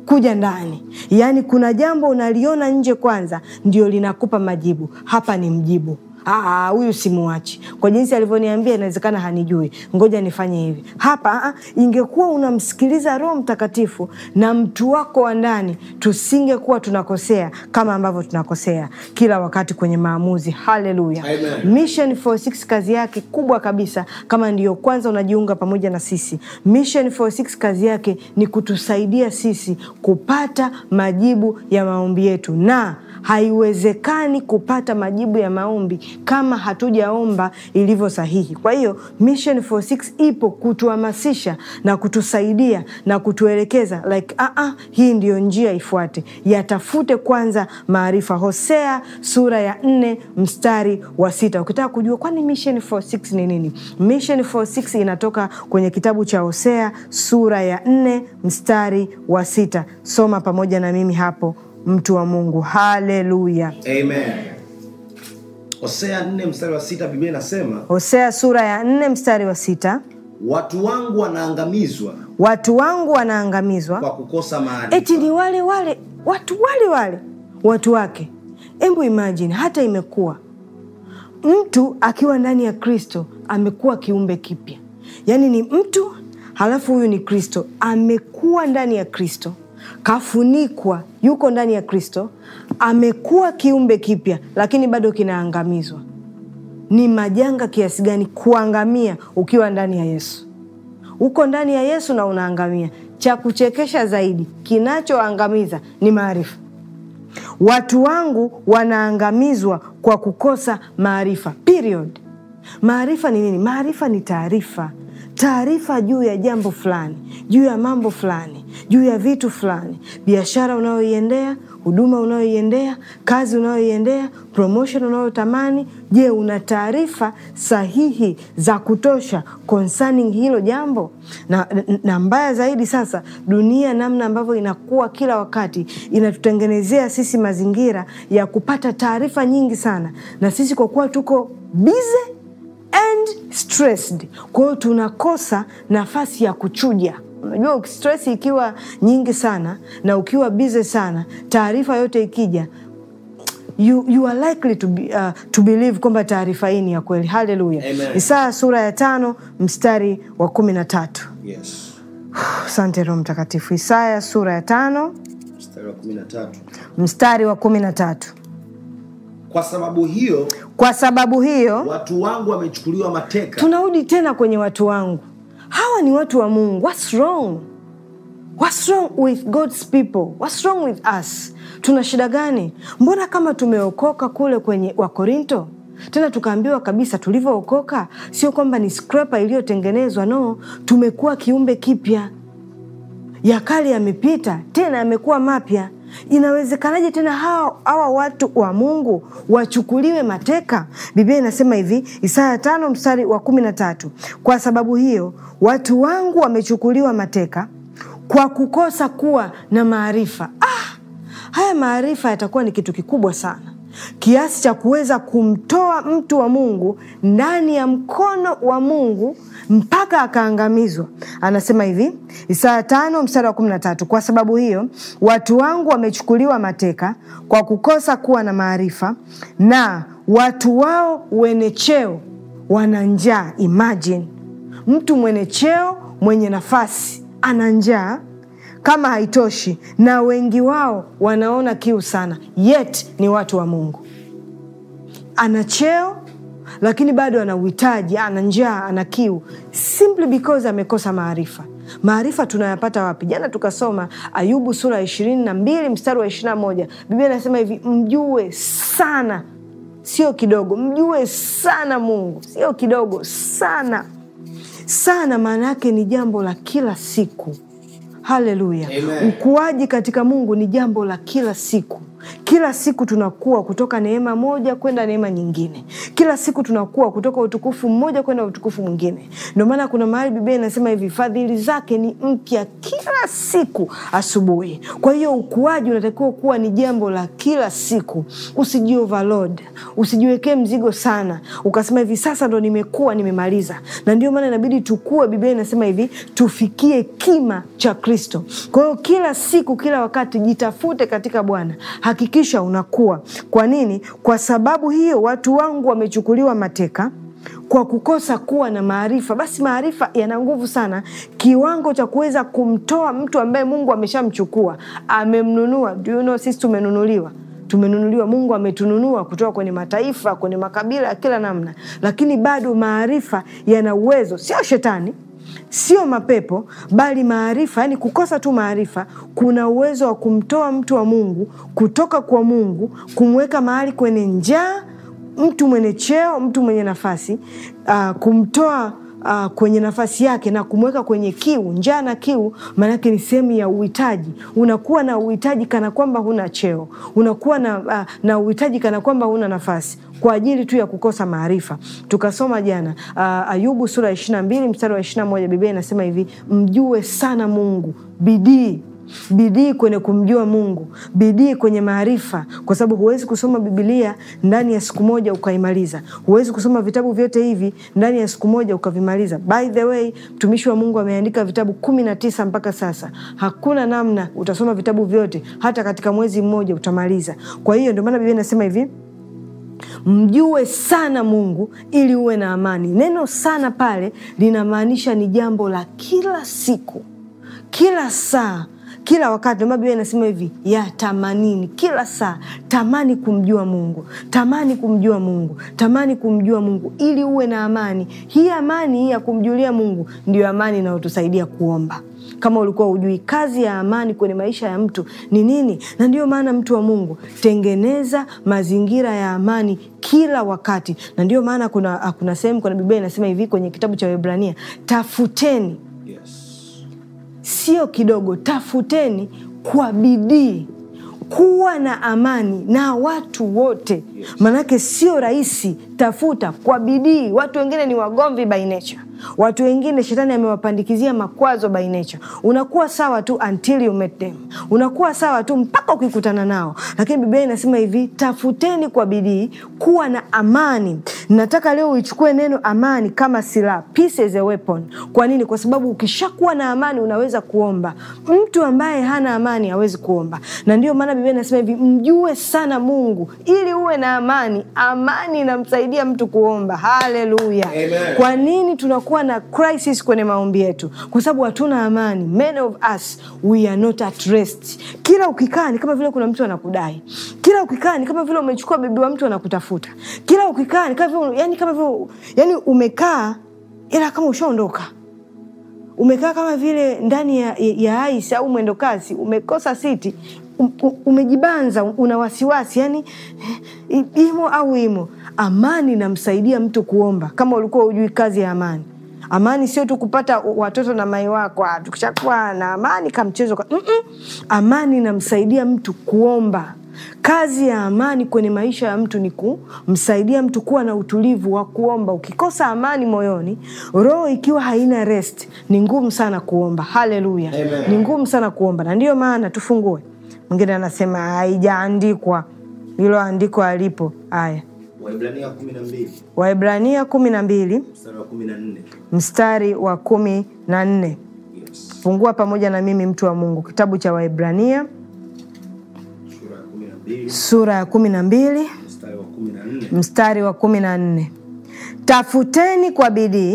kuja ndani. Yaani kuna jambo unaliona nje kwanza, ndio linakupa majibu. Hapa ni mjibu. Ah, ah, huyu simuachi kwa jinsi alivyoniambia, inawezekana hanijui, ngoja nifanye hivi hapa. Ah, ingekuwa unamsikiliza Roho Mtakatifu na mtu wako wa ndani, tusingekuwa tunakosea kama ambavyo tunakosea kila wakati kwenye maamuzi. Haleluya! Mission 46 kazi yake kubwa kabisa, kama ndiyo kwanza unajiunga pamoja na sisi, Mission 46 kazi yake ni kutusaidia sisi kupata majibu ya maombi yetu na haiwezekani kupata majibu ya maombi kama hatujaomba ilivyo sahihi. Kwa hiyo Mission 46 ipo kutuhamasisha na kutusaidia na kutuelekeza like, a ah, a, ah, hii ndiyo njia ifuate, yatafute kwanza maarifa. Hosea sura ya nne mstari wa sita. Ukitaka kujua kwani Mission 46 ni nini, Mission 46 inatoka kwenye kitabu cha Hosea sura ya nne mstari wa sita. Soma pamoja na mimi hapo mtu wa mungu haleluya hosea nne mstari wa sita biblia inasema hosea sura ya nne mstari wa sita watu wangu wanaangamizwa watu wangu wanaangamizwa kwa kukosa eti ni wale wale watu wale wale watu wake hebu imajini hata imekuwa mtu akiwa ndani ya kristo amekuwa kiumbe kipya yaani ni mtu halafu huyu ni kristo amekuwa ndani ya kristo kafunikwa, yuko ndani ya Kristo, amekuwa kiumbe kipya, lakini bado kinaangamizwa. Ni majanga kiasi gani kuangamia ukiwa ndani ya Yesu! Uko ndani ya Yesu na unaangamia. Cha kuchekesha zaidi, kinachoangamiza ni maarifa. Watu wangu wanaangamizwa kwa kukosa maarifa, period. Maarifa ni nini? Maarifa ni taarifa taarifa juu ya jambo fulani, juu ya mambo fulani, juu ya vitu fulani, biashara unayoiendea, huduma unayoiendea, kazi unayoiendea, promotion unayotamani. Je, una taarifa sahihi za kutosha concerning hilo jambo? Na, na mbaya zaidi sasa, dunia namna ambavyo inakuwa kila wakati inatutengenezea sisi mazingira ya kupata taarifa nyingi sana, na sisi kwa kuwa tuko bize and stressed. Kwa hiyo tunakosa nafasi ya kuchuja. Unajua, stress ikiwa nyingi sana na ukiwa bize sana, taarifa yote ikija You, you are likely to, be, uh, to believe kwamba taarifa hii ni ya kweli. Haleluya! Isaya sura ya tano mstari wa kumi na tatu. Yes. Asante Roho Mtakatifu. Isaya sura ya tano mstari wa kumi na tatu. Kwa sababu hiyo, kwa sababu hiyo watu wangu wamechukuliwa mateka. Tunarudi tena kwenye watu wangu. Hawa ni watu wa Mungu. What's wrong? What's wrong with God's people? What's wrong with us? Tuna shida gani? Mbona kama tumeokoka kule kwenye Wakorinto tena tukaambiwa kabisa tulivyookoka sio kwamba ni scraper iliyotengenezwa, no, tumekuwa kiumbe kipya, ya kale yamepita, tena yamekuwa mapya. Inawezekanaje tena hawa, hawa watu wa Mungu wachukuliwe mateka? Biblia inasema hivi, Isaya tano mstari wa kumi na tatu kwa sababu hiyo watu wangu wamechukuliwa mateka kwa kukosa kuwa na maarifa. Ah, haya maarifa yatakuwa ni kitu kikubwa sana kiasi cha kuweza kumtoa mtu wa Mungu ndani ya mkono wa Mungu mpaka akaangamizwa. Anasema hivi Isaya tano mstari wa kumi na tatu kwa sababu hiyo watu wangu wamechukuliwa mateka kwa kukosa kuwa na maarifa, na watu wao wenye cheo wana njaa. Imagine mtu mwenye cheo mwenye nafasi ana njaa kama haitoshi, na wengi wao wanaona kiu sana, yet ni watu wa Mungu. Ana cheo lakini bado ana uhitaji, ana njaa, ana kiu, simply because amekosa maarifa. Maarifa tunayapata wapi? Jana tukasoma Ayubu sura ya ishirini na mbili mstari wa ishirini na moja Biblia inasema hivi, mjue sana, sio kidogo, mjue sana Mungu, sio kidogo sana. Sana maana yake ni jambo la kila siku haleluya. Ukuaji katika Mungu ni jambo la kila siku kila siku tunakuwa kutoka neema moja kwenda neema nyingine. Kila siku tunakuwa kutoka utukufu mmoja kwenda utukufu mwingine. Ndio maana kuna mahali Biblia inasema hivi, fadhili zake ni mpya kila siku asubuhi. Kwa hiyo ukuaji unatakiwa kuwa ni jambo la kila siku. Usiji overload, usijiwekee mzigo sana ukasema hivi, sasa ndo nimekuwa nimemaliza. Na ndio maana inabidi tukue. Biblia inasema hivi, tufikie kima cha Kristo. Kwa hiyo kila siku, kila wakati jitafute katika Bwana hakikisha unakuwa. Kwa nini? Kwa sababu hiyo watu wangu wamechukuliwa mateka kwa kukosa kuwa na maarifa. Basi maarifa yana nguvu sana, kiwango cha kuweza kumtoa mtu ambaye Mungu ameshamchukua amemnunua. Do you know, sisi tumenunuliwa tumenunuliwa. Mungu ametununua kutoka kwenye mataifa, kwenye makabila ya kila namna, lakini bado maarifa yana uwezo, sio shetani sio mapepo bali maarifa. Yani kukosa tu maarifa kuna uwezo wa kumtoa mtu wa Mungu kutoka kwa Mungu, kumweka mahali kwenye njaa, mtu mwenye cheo, mtu mwenye nafasi uh, kumtoa Uh, kwenye nafasi yake na kumweka kwenye kiu, njaa na kiu, maanake ni sehemu ya uhitaji. Unakuwa na uhitaji kana kwamba huna cheo, unakuwa na, uh, na uhitaji kana kwamba huna nafasi, kwa ajili tu ya kukosa maarifa. Tukasoma jana uh, Ayubu sura ya ishirini na mbili mstari wa ishirini na moja Biblia inasema hivi, mjue sana Mungu, bidii bidii kwenye kumjua Mungu, bidii kwenye maarifa, kwa sababu huwezi kusoma Bibilia ndani ya siku moja ukaimaliza. Huwezi kusoma vitabu vyote hivi ndani ya siku moja ukavimaliza. By the way, mtumishi wa Mungu ameandika vitabu kumi na tisa mpaka sasa. Hakuna namna utasoma vitabu vyote, hata katika mwezi mmoja utamaliza. Kwa hiyo ndio maana Biblia inasema hivi mjue sana Mungu ili uwe na amani. Neno sana pale linamaanisha ni jambo la kila siku, kila saa kila wakati. Ndio Biblia inasema hivi ya tamanini, kila saa tamani kumjua Mungu, tamani kumjua Mungu, tamani kumjua Mungu ili uwe na amani. Hii amani hii ya kumjulia Mungu ndiyo amani inayotusaidia kuomba kama ulikuwa hujui. Kazi ya amani kwenye maisha ya mtu ni nini? Na ndiyo maana mtu wa Mungu, tengeneza mazingira ya amani kila wakati. Na ndiyo maana kuna, ah, kuna sehemu kuna Biblia inasema hivi kwenye kitabu cha Waebrania, tafuteni yes. Sio kidogo, tafuteni kwa bidii kuwa na amani na watu wote, manake sio rahisi. Tafuta kwa bidii. Watu wengine ni wagomvi by nature Watu wengine shetani amewapandikizia makwazo by nature. Unakuwa sawa tu until you meet them, unakuwa sawa tu mpaka ukikutana nao. Lakini Biblia inasema hivi, tafuteni kwa bidii kuwa na amani. Nataka leo uichukue neno amani kama silaha, peace is a weapon. Kwa nini? Kwa sababu ukishakuwa na amani unaweza kuomba. Mtu ambaye hana amani hawezi kuomba, na ndio maana Biblia inasema hivi, mjue sana Mungu ili uwe na amani. Amani inamsaidia mtu kuomba. Haleluya! Kwa nini tunaku tunakuwa na crisis kwenye maombi yetu kwa sababu hatuna amani. Many of us we are not at rest. Kila ukikaa ni kama vile kuna mtu anakudai, kila ukikaa ni kama vile umechukua bibi wa mtu anakutafuta, kila ukikaa ni kama vile yani, kama vile yani umekaa ila kama ushaondoka umekaa kama vile ndani ya, ya aisi au mwendokasi, umekosa siti, um, um, umejibanza, una wasiwasi yani eh, imo au imo. Amani inamsaidia mtu kuomba. Kama ulikuwa ujui kazi ya amani, Amani sio tu kupata watoto na mai wako, ah, tukishakuwa na amani kamchezo ka... Mm -mm. Amani inamsaidia mtu kuomba. Kazi ya amani kwenye maisha ya mtu ni kumsaidia mtu kuwa na utulivu wa kuomba. Ukikosa amani moyoni, roho ikiwa haina rest, ni ngumu sana kuomba. Haleluya, ni ngumu sana kuomba, na ndiyo maana tufungue. Mwingine anasema haijaandikwa, hilo andiko alipo. Haya, Waebrania kumi na mbili, Waebrania kumi na mbili mstari wa kumi na nne yes. Fungua pamoja na mimi mtu wa Mungu kitabu cha Waebrania sura ya kumi na mbili mstari wa kumi na nne tafuteni kwa bidii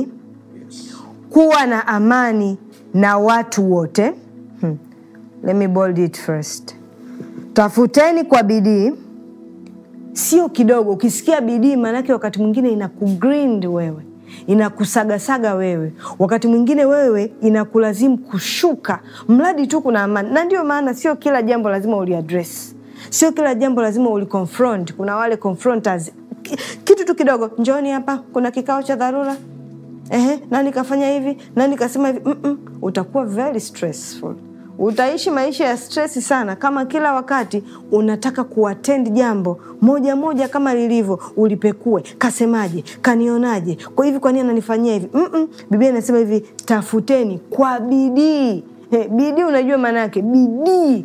yes. kuwa na amani na watu wote hmm. Let me bold it first. Tafuteni kwa bidii sio kidogo. Ukisikia bidii, maanake wakati mwingine inakugrind wewe, inakusagasaga wewe, wakati mwingine wewe inakulazimu kushuka, mradi tu kuna amani. Na ndio maana sio kila jambo lazima uliadress, sio kila jambo lazima uliconfront. Kuna wale confronters, kitu tu kidogo, njoni hapa, kuna kikao cha dharura Ehe, nani kafanya hivi, nani kasema hivi. Mm -mm. Utakuwa very stressful utaishi maisha ya stresi sana kama kila wakati unataka kuatendi jambo moja moja kama lilivyo, ulipekue, kasemaje, kanionaje, kwa hivi, kwanini ananifanyia hivi? Mm-mm, Biblia inasema hivi, tafuteni kwa bidii. Eh, bidii unajua maana yake? Bidii,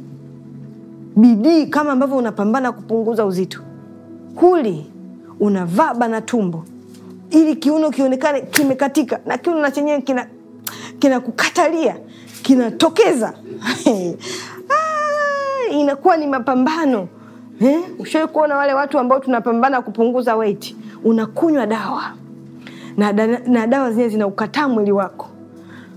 bidii kama ambavyo unapambana kupunguza uzito, kuli unavaa bana tumbo ili kiuno kionekane kimekatika, na kiuno na chenyewe kina kinakukatalia kinatokeza [laughs] ah, inakuwa ni mapambano eh? Ushawahi kuona wale watu ambao tunapambana kupunguza weti unakunywa dawa na, da, na dawa zenyewe zinaukataa mwili wako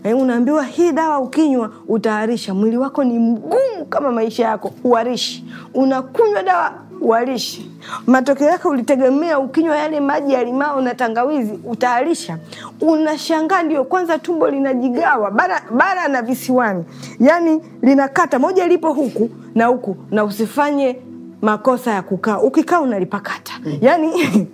eh, unaambiwa hii dawa ukinywa utaharisha. Mwili wako ni mgumu kama maisha yako, uarishi Unakunywa dawa walishe. Matokeo yake ulitegemea ukinywa yale maji ya limao na tangawizi utaalisha. unashangaa ndio kwanza tumbo linajigawa bara, bara na visiwani, yani linakata moja lipo huku na huku, na usifanye makosa ya kukaa, ukikaa unalipakata mm. yani [laughs]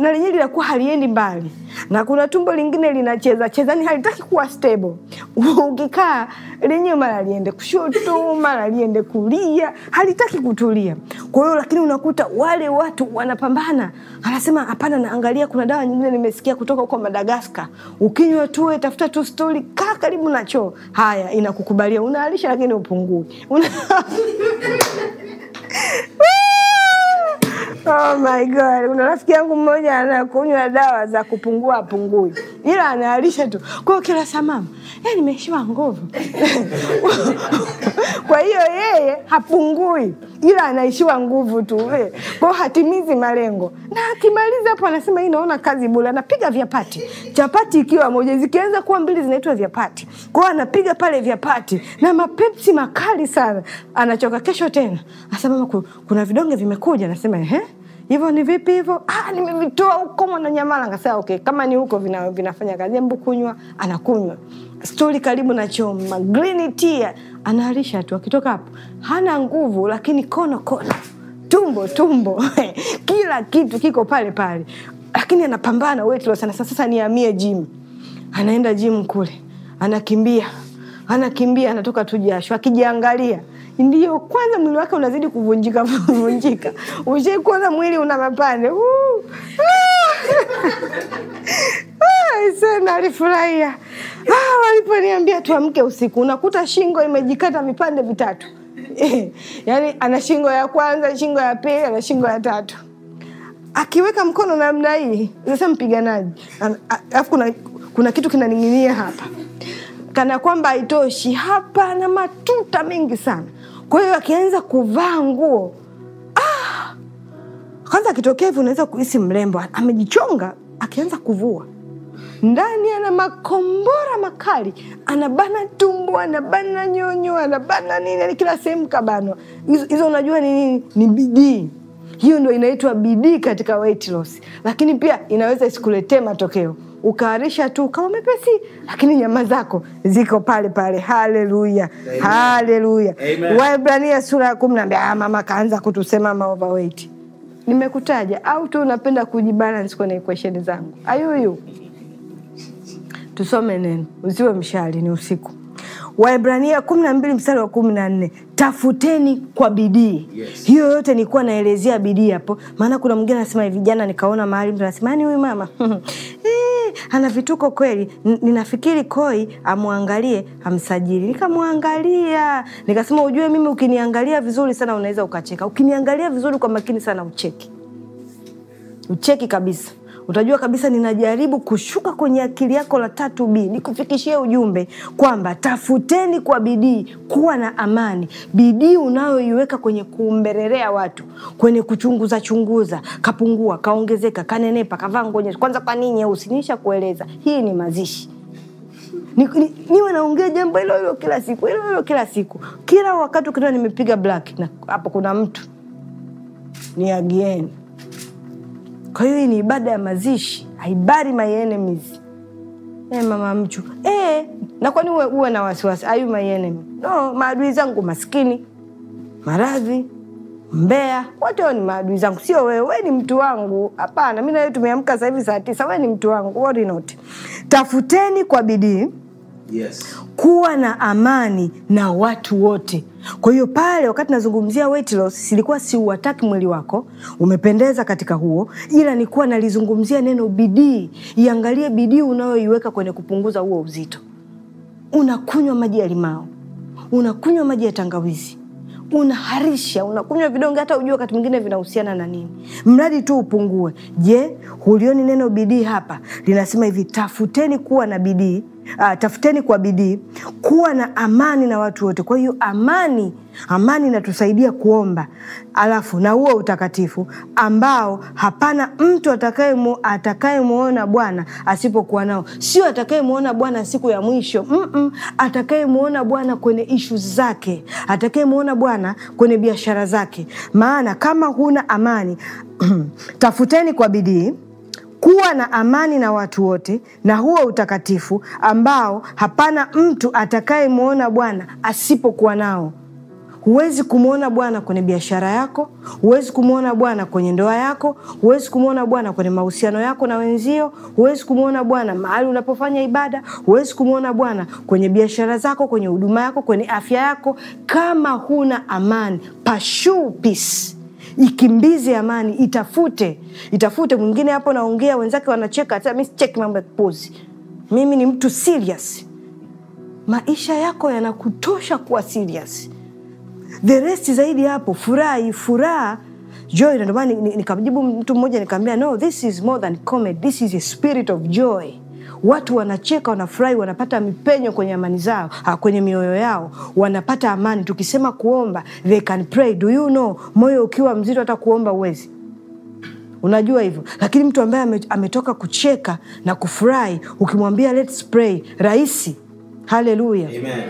na lenyewe linakuwa haliendi mbali, na kuna tumbo lingine linacheza cheza, ni halitaki kuwa stable. [laughs] Ukikaa lenyewe mara liende kushoto, mara liende kulia, halitaki kutulia. Kwa hiyo lakini unakuta wale watu wanapambana, anasema hapana, naangalia kuna dawa nyingine nimesikia kutoka huko Madagaskar, ukinywa tu, tafuta tu stori, kaa karibu na choo, haya inakukubalia, unaalisha lakini upungui una... [laughs] [laughs] Oh my God, una rafiki yangu mmoja anakunywa dawa za kupungua pungui, ila analisha tu kwao kila samama yeye eh, nimeishiwa nguvu [laughs] kwa hiyo yeye hapungui ila anaishiwa nguvu tu hey. Eh. kwao hatimizi malengo na akimaliza hapo anasema hii naona kazi bure anapiga vyapati chapati ikiwa moja zikianza kuwa mbili zinaitwa vyapati kwao anapiga pale vyapati na mapepsi makali sana anachoka kesho tena asema kuna vidonge vimekuja anasema ehe hivyo ni vipi hivyo? Ah, nimevitoa huko Mwananyamala. Ngasema okay, kama ni huko vina, vinafanya kazi. Embu kunywa, anakunywa stori karibu na choma green anaarisha tu, akitoka hapo hana nguvu, lakini kono kono, tumbo tumbo [laughs] kila kitu kiko pale pale, lakini anapambana weight loss. Sasa, sasa niamie gym, anaenda jimu kule, anakimbia anakimbia, anatoka tu jasho, akijiangalia ndio kwanza mwili wake unazidi kuvunjika [laughs] vunjika. Ushai kuona mwili una mapande? sana [laughs] alifurahia. Ah, waliponiambia tuamke usiku, unakuta shingo imejikata mipande vitatu [laughs] yaani ana shingo ya kwanza, shingo ya pili, ana shingo ya tatu. Akiweka mkono namna hii, sasa mpiganaji, alafu kuna, kuna kitu kinaning'inia hapa, kana kwamba haitoshi hapa, na matuta mengi sana kwa hiyo akianza kuvaa nguo ah, kwanza akitokea hivi unaweza kuhisi mrembo amejichonga. Akianza kuvua ndani, ana makombora makali, anabana tumbo, anabana nyonyo, anabana nini, kila sehemu kabanwa. Hizo unajua ni nini? Ni bidii. Hiyo ndo inaitwa bidii katika weight loss, lakini pia inaweza isikuletee matokeo ukaharisha tu kama mepesi, lakini nyama zako ziko pale pale. Haleluya, haleluya. Waebrania sura ya kumi Ah, mama kaanza kutusema maovaweti nimekutaja au tu unapenda kujibalance kwenye equation zangu ayuyu. Tusome neno, usiwe mshali, ni usiku. Waebrania kumi na mbili mstari wa kumi na nne tafuteni kwa bidii. Yes. Hiyo yote nilikuwa naelezea bidii hapo, maana kuna mwingine anasema hivi, jana nikaona mahali mtu anasema, yaani huyu mama [laughs] eh, ana vituko kweli. Ninafikiri Koi amwangalie amsajili. Nikamwangalia nikasema, ujue mimi ukiniangalia vizuri sana unaweza ukacheka, ukiniangalia vizuri kwa makini sana ucheki, ucheki kabisa utajua kabisa ninajaribu kushuka kwenye akili yako la tatu b nikufikishie ujumbe kwamba tafuteni kwa bidii kuwa na amani. Bidii unayoiweka kwenye kumbelelea watu, kwenye kuchunguza chunguza, kapungua, kaongezeka, kanenepa, kavaa ngoja kwanza, kwa nini nyeusi? Nisha kueleza hii ni mazishi ni, ni, niwe naongea jambo hilohilo kila siku hilo kila siku kila wakati, ukiona nimepiga black na hapo kuna mtu ni agieni kwa hiyo hii ni ibada ya mazishi, haibari my enemies. Hey, eh, mama mchu hey, eh, na kwani uwe, uwe na wasiwasi ayu my enemy? No, maadui zangu maskini, maradhi, mbea, wote hao ni maadui zangu, sio wewe. Wewe ni mtu wangu. Hapana, mi nawe tumeamka sahivi saa tisa. Wewe ni mtu wangu, worry not. Tafuteni kwa bidii Yes kuwa na amani na watu wote. Kwa hiyo pale, wakati nazungumzia weight loss, silikuwa siuataki mwili wako, umependeza katika huo, ila nikuwa nalizungumzia neno bidii. Iangalie bidii unayoiweka kwenye kupunguza huo uzito. Unakunywa maji ya limao, unakunywa maji ya tangawizi, unaharisha, unakunywa vidonge, hata ujua wakati mwingine vinahusiana na nini, mradi tu upungue. Je, hulioni neno bidii hapa linasema hivi, tafuteni kuwa na bidii uh, tafuteni kwa bidii kuwa na amani na watu wote. Kwa hiyo amani, amani inatusaidia kuomba, alafu na huo utakatifu ambao hapana mtu atakayemwona Bwana asipokuwa nao, sio atakayemwona Bwana siku ya mwisho mm -mm. atakayemwona Bwana kwenye ishu zake, atakayemwona Bwana kwenye biashara zake. Maana kama huna amani [clears throat] tafuteni kwa bidii kuwa na amani na watu wote na huo utakatifu ambao hapana mtu atakayemwona Bwana asipokuwa nao. Huwezi kumwona Bwana kwenye biashara yako, huwezi kumwona Bwana kwenye ndoa yako, huwezi kumwona Bwana kwenye mahusiano yako na wenzio, huwezi kumwona Bwana mahali unapofanya ibada, huwezi kumwona Bwana kwenye biashara zako, kwenye huduma yako, kwenye afya yako, kama huna amani. Pursue peace ikimbize amani, itafute itafute. Mwingine hapo naongea, wenzake wanacheka, hata mi sicheki mambo ya kipozi. Mimi ni mtu serious. Maisha yako yanakutosha kuwa serious, the rest zaidi hapo, furahi furaha joy. Ndio maana nikamjibu mtu mmoja nikamwambia, no this is more than comedy, this is a spirit of joy watu wanacheka, wanafurahi, wanapata mipenyo kwenye amani zao, ah, kwenye mioyo yao, wanapata amani. Tukisema kuomba, they can pray. Do you know, moyo ukiwa mzito hata kuomba uwezi Unajua hivyo, lakini mtu ambaye ametoka kucheka na kufurahi, ukimwambia let's pray, rahisi. Haleluya, amen.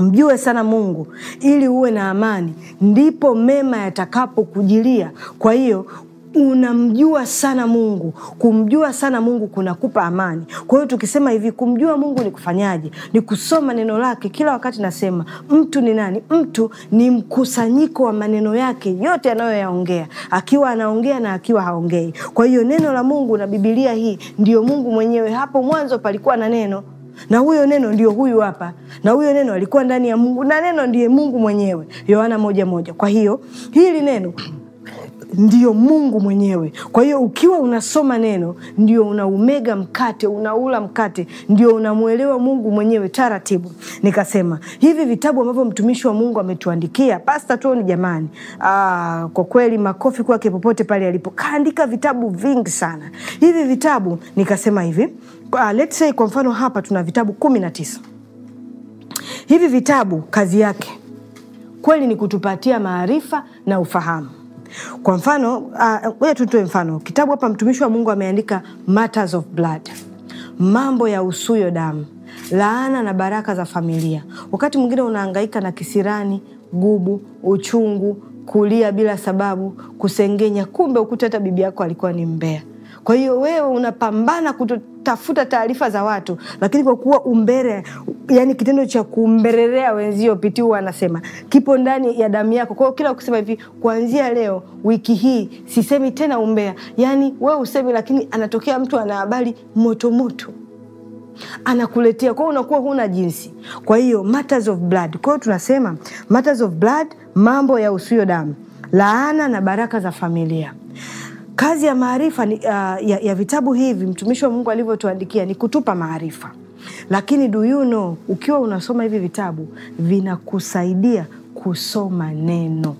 Mjue sana Mungu ili uwe na amani, ndipo mema yatakapokujilia. Kwa hiyo unamjua sana Mungu. Kumjua sana Mungu kunakupa amani. Kwa hiyo tukisema hivi, kumjua Mungu ni kufanyaje? Ni kusoma neno lake kila wakati. Nasema mtu ni nani? Mtu ni mkusanyiko wa maneno yake yote anayoyaongea, akiwa anaongea na akiwa haongei. Kwa hiyo neno la Mungu na Bibilia hii ndiyo Mungu mwenyewe. Hapo mwanzo palikuwa na neno na huyo neno ndio huyu hapa, na huyo neno alikuwa ndani ya Mungu na neno ndiye Mungu mwenyewe, Yohana moja moja. Kwa hiyo hili neno ndio Mungu mwenyewe. Kwa hiyo ukiwa unasoma neno, ndio unaumega mkate, unaula mkate, ndio unamwelewa Mungu mwenyewe taratibu. Nikasema hivi vitabu ambavyo mtumishi wa Mungu ametuandikia, Pasta Tony, jamani, aa, ah, kwa kweli makofi kwake popote pale alipo. Kaandika vitabu vingi sana. Hivi vitabu nikasema hivi, uh, let's say kwa mfano hapa tuna vitabu kumi na tisa. Hivi vitabu kazi yake kweli ni kutupatia maarifa na ufahamu. Kwa mfano ah, oja uh, tutoe mfano kitabu hapa, mtumishi wa Mungu ameandika Matters of Blood, mambo ya usuyo damu, laana na baraka za familia. Wakati mwingine unaangaika na kisirani, gubu, uchungu, kulia bila sababu, kusengenya, kumbe ukuta hata bibi yako alikuwa ni mbea. Kwa hiyo wewe unapambana kuto, tafuta taarifa za watu, lakini kwa kuwa umbere, yani kitendo cha kumbererea wenzio, piti huwa anasema kipo ndani ya damu yako. Kwa hiyo kila ukisema hivi, kuanzia leo, wiki hii sisemi tena umbea, yani we usemi, lakini anatokea mtu ana habari motomoto anakuletea kwao, unakuwa huna jinsi. Kwa hiyo matters of blood, kwao tunasema matters of blood, mambo ya usuyo damu, laana na baraka za familia. Kazi ya maarifa uh, ya, ya vitabu hivi mtumishi wa Mungu alivyotuandikia ni kutupa maarifa, lakini do you know, ukiwa unasoma hivi vitabu vinakusaidia kusoma neno.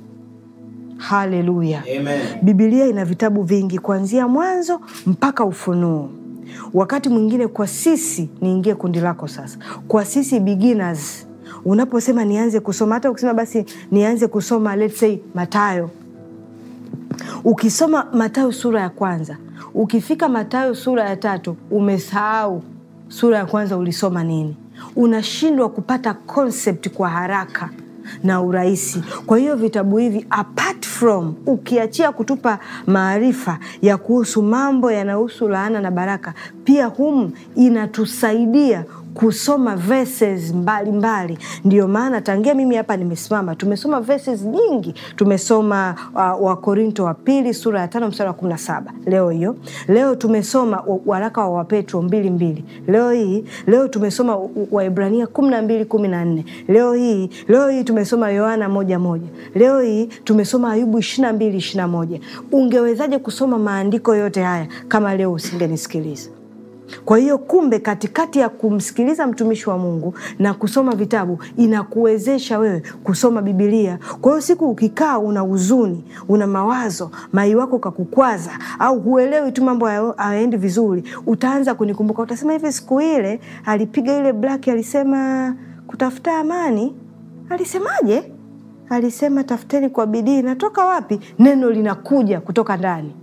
Haleluya, amen. Bibilia ina vitabu vingi kuanzia Mwanzo mpaka Ufunuo. Wakati mwingine kwa sisi, niingie kundi lako sasa, kwa sisi beginners, unaposema nianze kusoma, hata ukisema basi nianze kusoma let's say Mathayo Ukisoma Mathayo sura ya kwanza, ukifika Mathayo sura ya tatu, umesahau sura ya kwanza ulisoma nini. Unashindwa kupata concept kwa haraka na urahisi. Kwa hiyo vitabu hivi apart from, ukiachia kutupa maarifa ya kuhusu mambo yanayohusu laana na baraka, pia humu inatusaidia kusoma verses mbalimbali. Ndiyo maana tangia mimi hapa nimesimama, tumesoma verses nyingi. Tumesoma uh, Wakorinto wa pili sura ya tano mstari wa kumi na saba leo hiyo. Leo tumesoma waraka wa Wapetro mbili mbili leo hii. Leo tumesoma Waibrania kumi na mbili kumi na nne leo hii. Leo hii tumesoma Yohana moja moja leo hii tumesoma Ayubu ishirini na mbili ishirini na moja Ungewezaje kusoma maandiko yote haya kama leo usingenisikiliza? Kwa hiyo kumbe, katikati ya kumsikiliza mtumishi wa Mungu na kusoma vitabu inakuwezesha wewe kusoma Bibilia. Kwa hiyo siku ukikaa una huzuni, una mawazo, mai wako kakukwaza, au huelewi tu mambo hayaendi vizuri, utaanza kunikumbuka, utasema hivi, siku ile alipiga ile blaki alisema kutafuta amani, alisemaje? Alisema tafuteni kwa bidii. Natoka wapi? Neno linakuja kutoka ndani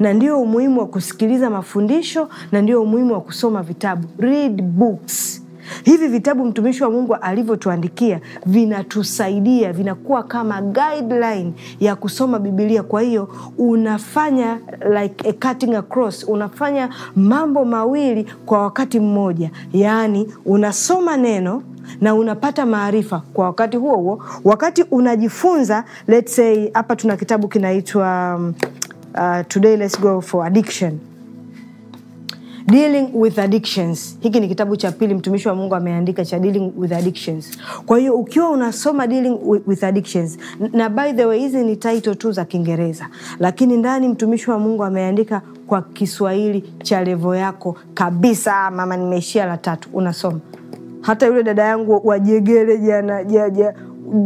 na ndio umuhimu wa kusikiliza mafundisho, na ndio umuhimu wa kusoma vitabu. Read books. Hivi vitabu mtumishi wa Mungu alivyotuandikia vinatusaidia, vinakuwa kama guideline ya kusoma bibilia Kwa hiyo unafanya like a cutting across, unafanya mambo mawili kwa wakati mmoja, yaani unasoma neno na unapata maarifa kwa wakati huo huo, wakati unajifunza. Let's say hapa tuna kitabu kinaitwa um, Uh, today let's go for addiction dealing with addictions hiki ni kitabu cha pili mtumishi wa mungu ameandika cha dealing with addictions kwa hiyo ukiwa unasoma dealing with addictions na by the way hizi ni title tu za kiingereza lakini ndani mtumishi wa mungu ameandika kwa kiswahili cha levo yako kabisa mama nimeishia la tatu unasoma hata yule dada yangu wajegele jana jaja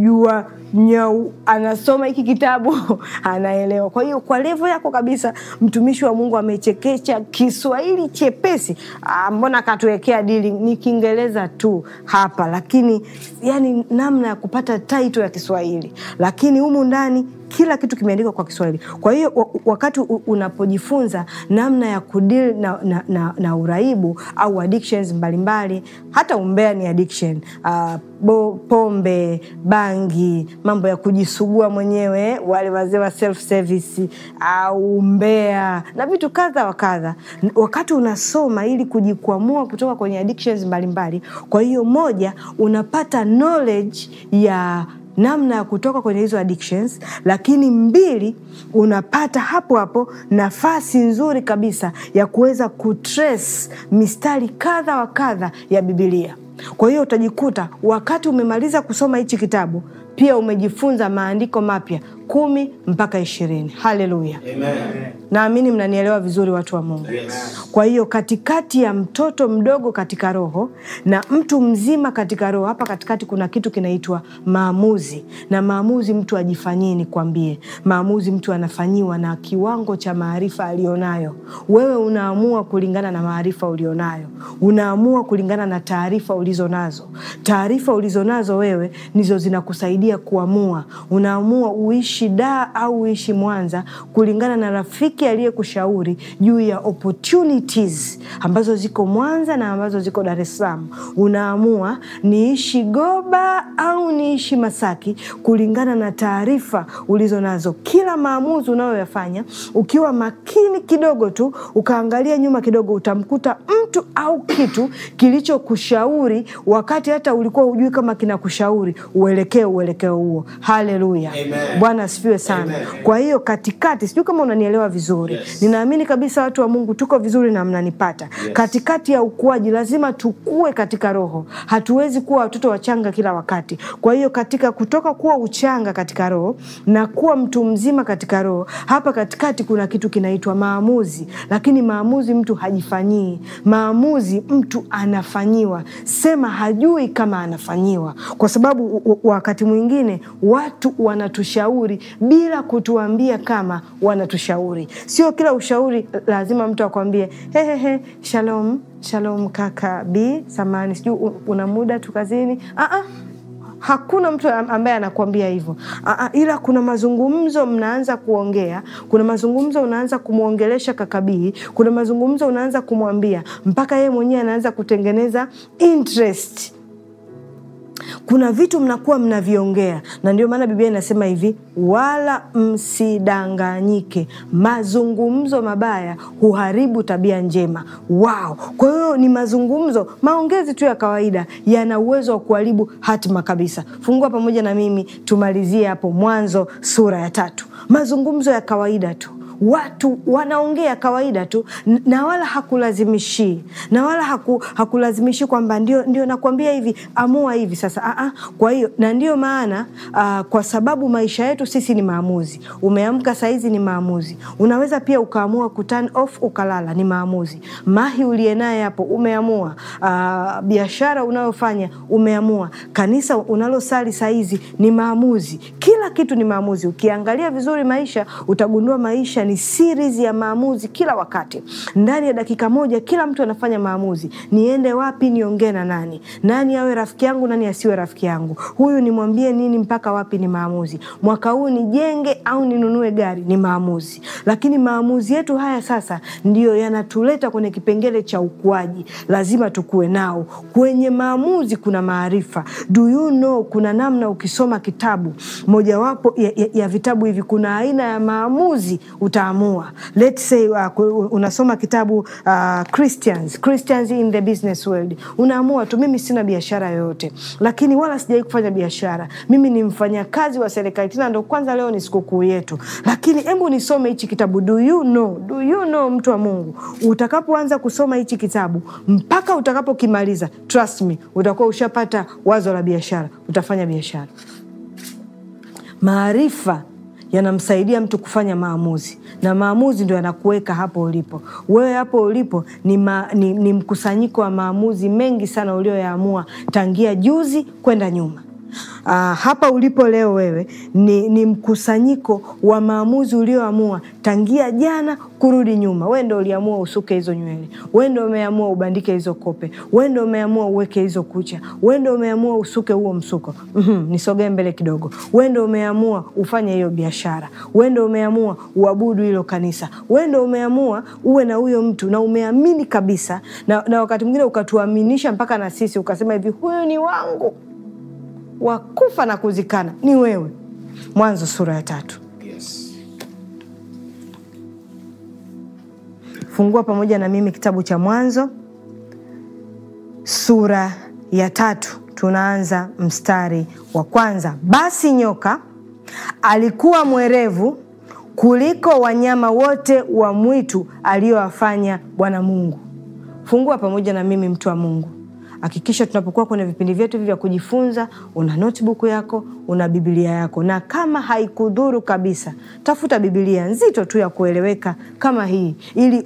jua nyau anasoma hiki kitabu [laughs] anaelewa. Kwa hiyo kwa levo yako kabisa, mtumishi wa Mungu amechekecha Kiswahili chepesi. Ah, mbona akatuwekea dili ni Kiingereza tu hapa, lakini yani namna ya kupata taito ya Kiswahili, lakini humu ndani kila kitu kimeandikwa kwa Kiswahili. Kwa hiyo wakati unapojifunza namna ya kudili na, na, na, na uraibu au addictions mbalimbali mbali, hata umbea ni addiction. Uh, bo, pombe, bangi mambo ya kujisugua mwenyewe, wale wazee wa self service au mbea na vitu kadha wa kadha, wakati unasoma ili kujikwamua kutoka kwenye addictions mbalimbali. Kwa hiyo moja, unapata knowledge ya namna ya kutoka kwenye hizo addictions, lakini mbili, unapata hapo hapo nafasi nzuri kabisa ya kuweza kutrace mistari kadha wa kadha ya Biblia. Kwa hiyo utajikuta wakati umemaliza kusoma hichi kitabu pia umejifunza maandiko mapya kumi mpaka ishirini. Haleluya, naamini mnanielewa vizuri, watu wa Mungu. Yes. Kwa hiyo katikati ya mtoto mdogo katika roho na mtu mzima katika roho, hapa katikati kuna kitu kinaitwa maamuzi, na maamuzi mtu ajifanyie. Nikwambie, maamuzi mtu anafanyiwa na kiwango cha maarifa aliyonayo. Wewe unaamua kulingana na maarifa ulionayo, unaamua kulingana na taarifa ulionayo ulizonazo. Taarifa ulizonazo wewe ndizo zinakusaidia kuamua. Unaamua uishi Daa au uishi Mwanza kulingana na rafiki aliyekushauri juu ya opportunities ambazo ziko Mwanza na ambazo ziko Dar es Salaam. Unaamua niishi Goba au niishi Masaki kulingana na taarifa ulizonazo. Kila maamuzi unayoyafanya ukiwa makini kidogo tu, ukaangalia nyuma kidogo, utamkuta mtu au kitu kilichokushauri Yaani, wakati hata ulikuwa hujui kama kinakushauri uelekee uelekeo huo. Haleluya, Bwana asifiwe sana. Amen. Kwa hiyo katikati, sijui kama unanielewa vizuri. Yes. Ninaamini kabisa watu wa Mungu tuko vizuri na mnanipata. Yes. Katikati ya ukuaji lazima tukue katika roho, hatuwezi kuwa watoto wachanga kila wakati. Kwa hiyo katika kutoka kuwa uchanga katika roho na kuwa mtu mzima katika roho, hapa katikati kuna kitu kinaitwa maamuzi, lakini maamuzi mtu hajifanyii, maamuzi mtu anafanyiwa anasema hajui kama anafanyiwa, kwa sababu wakati mwingine watu wanatushauri bila kutuambia kama wanatushauri. Sio kila ushauri lazima mtu akwambie hehehe, shalom shalom kaka B, samani sijui una muda tu kazini. Ah, ah. Hakuna mtu ambaye anakuambia hivyo, ila kuna mazungumzo mnaanza kuongea, kuna mazungumzo unaanza kumwongelesha Kakabii, kuna mazungumzo unaanza kumwambia mpaka yeye mwenyewe anaanza kutengeneza interest kuna vitu mnakuwa mnaviongea, na ndio maana Biblia inasema hivi, wala msidanganyike, mazungumzo mabaya huharibu tabia njema. wao Kwa hiyo ni mazungumzo, maongezi tu ya kawaida yana uwezo wa kuharibu hatima kabisa. Fungua pamoja na mimi tumalizie hapo Mwanzo sura ya tatu, mazungumzo ya kawaida tu watu wanaongea kawaida tu, na wala hakulazimishi na wala haku, hakulazimishi kwamba ndio, ndio nakwambia hivi, amua hivi sasa. Aa, kwa hiyo na ndio maana aa, kwa sababu maisha yetu sisi ni maamuzi. Umeamka sahizi ni maamuzi, unaweza pia ukaamua kuturn off ukalala, ni maamuzi. Mahi uliye naye hapo umeamua, biashara unayofanya umeamua, kanisa unalosali sahizi ni maamuzi. Kila kitu ni maamuzi. Ukiangalia vizuri maisha utagundua maisha ni series ya maamuzi kila wakati. Ndani ya dakika moja, kila mtu anafanya maamuzi: niende wapi, niongee na nani, nani awe rafiki yangu, nani asiwe rafiki yangu, huyu nimwambie nini, mpaka wapi, ni maamuzi. Mwaka huu nijenge au ninunue gari, ni maamuzi. Lakini maamuzi yetu haya sasa ndiyo yanatuleta kwenye kipengele cha ukuaji, lazima tukuwe nao. Kwenye maamuzi kuna maarifa. Do you know, kuna namna ukisoma kitabu mojawapo ya, ya, ya vitabu hivi, kuna aina ya maamuzi uta utaamua. Let's say uh, unasoma kitabu uh, Christians, Christians in the business world, unaamua tu, mimi sina biashara yoyote, lakini wala sijawai kufanya biashara, mimi ni mfanyakazi wa serikali, tena ndo kwanza leo ni sikukuu yetu, lakini hebu nisome hichi kitabu. Do you know, do you know, mtu wa Mungu, utakapoanza kusoma hichi kitabu mpaka utakapokimaliza, trust me, utakuwa ushapata wazo la biashara, utafanya biashara. Maarifa yanamsaidia mtu kufanya maamuzi, na maamuzi ndio yanakuweka hapo ulipo wewe. Hapo ulipo ni, ma, ni, ni mkusanyiko wa maamuzi mengi sana ulioyaamua tangia juzi kwenda nyuma. Uh, hapa ulipo leo wewe ni, ni mkusanyiko wa maamuzi ulioamua tangia jana kurudi nyuma. Wewe ndio uliamua usuke hizo nywele, wewe ndio umeamua ubandike hizo kope, wewe ndio umeamua uweke hizo kucha, wewe ndio umeamua usuke huo msuko. mm -hmm, nisogee mbele kidogo. Wewe ndio umeamua ufanye hiyo biashara, wewe ndio umeamua uabudu hilo kanisa, wewe ndio umeamua uwe na huyo mtu na umeamini kabisa na, na wakati mwingine ukatuaminisha mpaka na sisi ukasema hivi, huyu ni wangu wa kufa na kuzikana ni wewe. Mwanzo sura ya tatu. Yes. Fungua pamoja na mimi kitabu cha Mwanzo sura ya tatu, tunaanza mstari wa kwanza. Basi nyoka alikuwa mwerevu kuliko wanyama wote wa mwitu aliyowafanya Bwana Mungu. Fungua pamoja na mimi, mtu wa Mungu. Hakikisha tunapokuwa kwenye vipindi vyetu hivi vya kujifunza, una notebook yako, una bibilia yako, na kama haikudhuru kabisa, tafuta bibilia nzito tu ya kueleweka kama hii, ili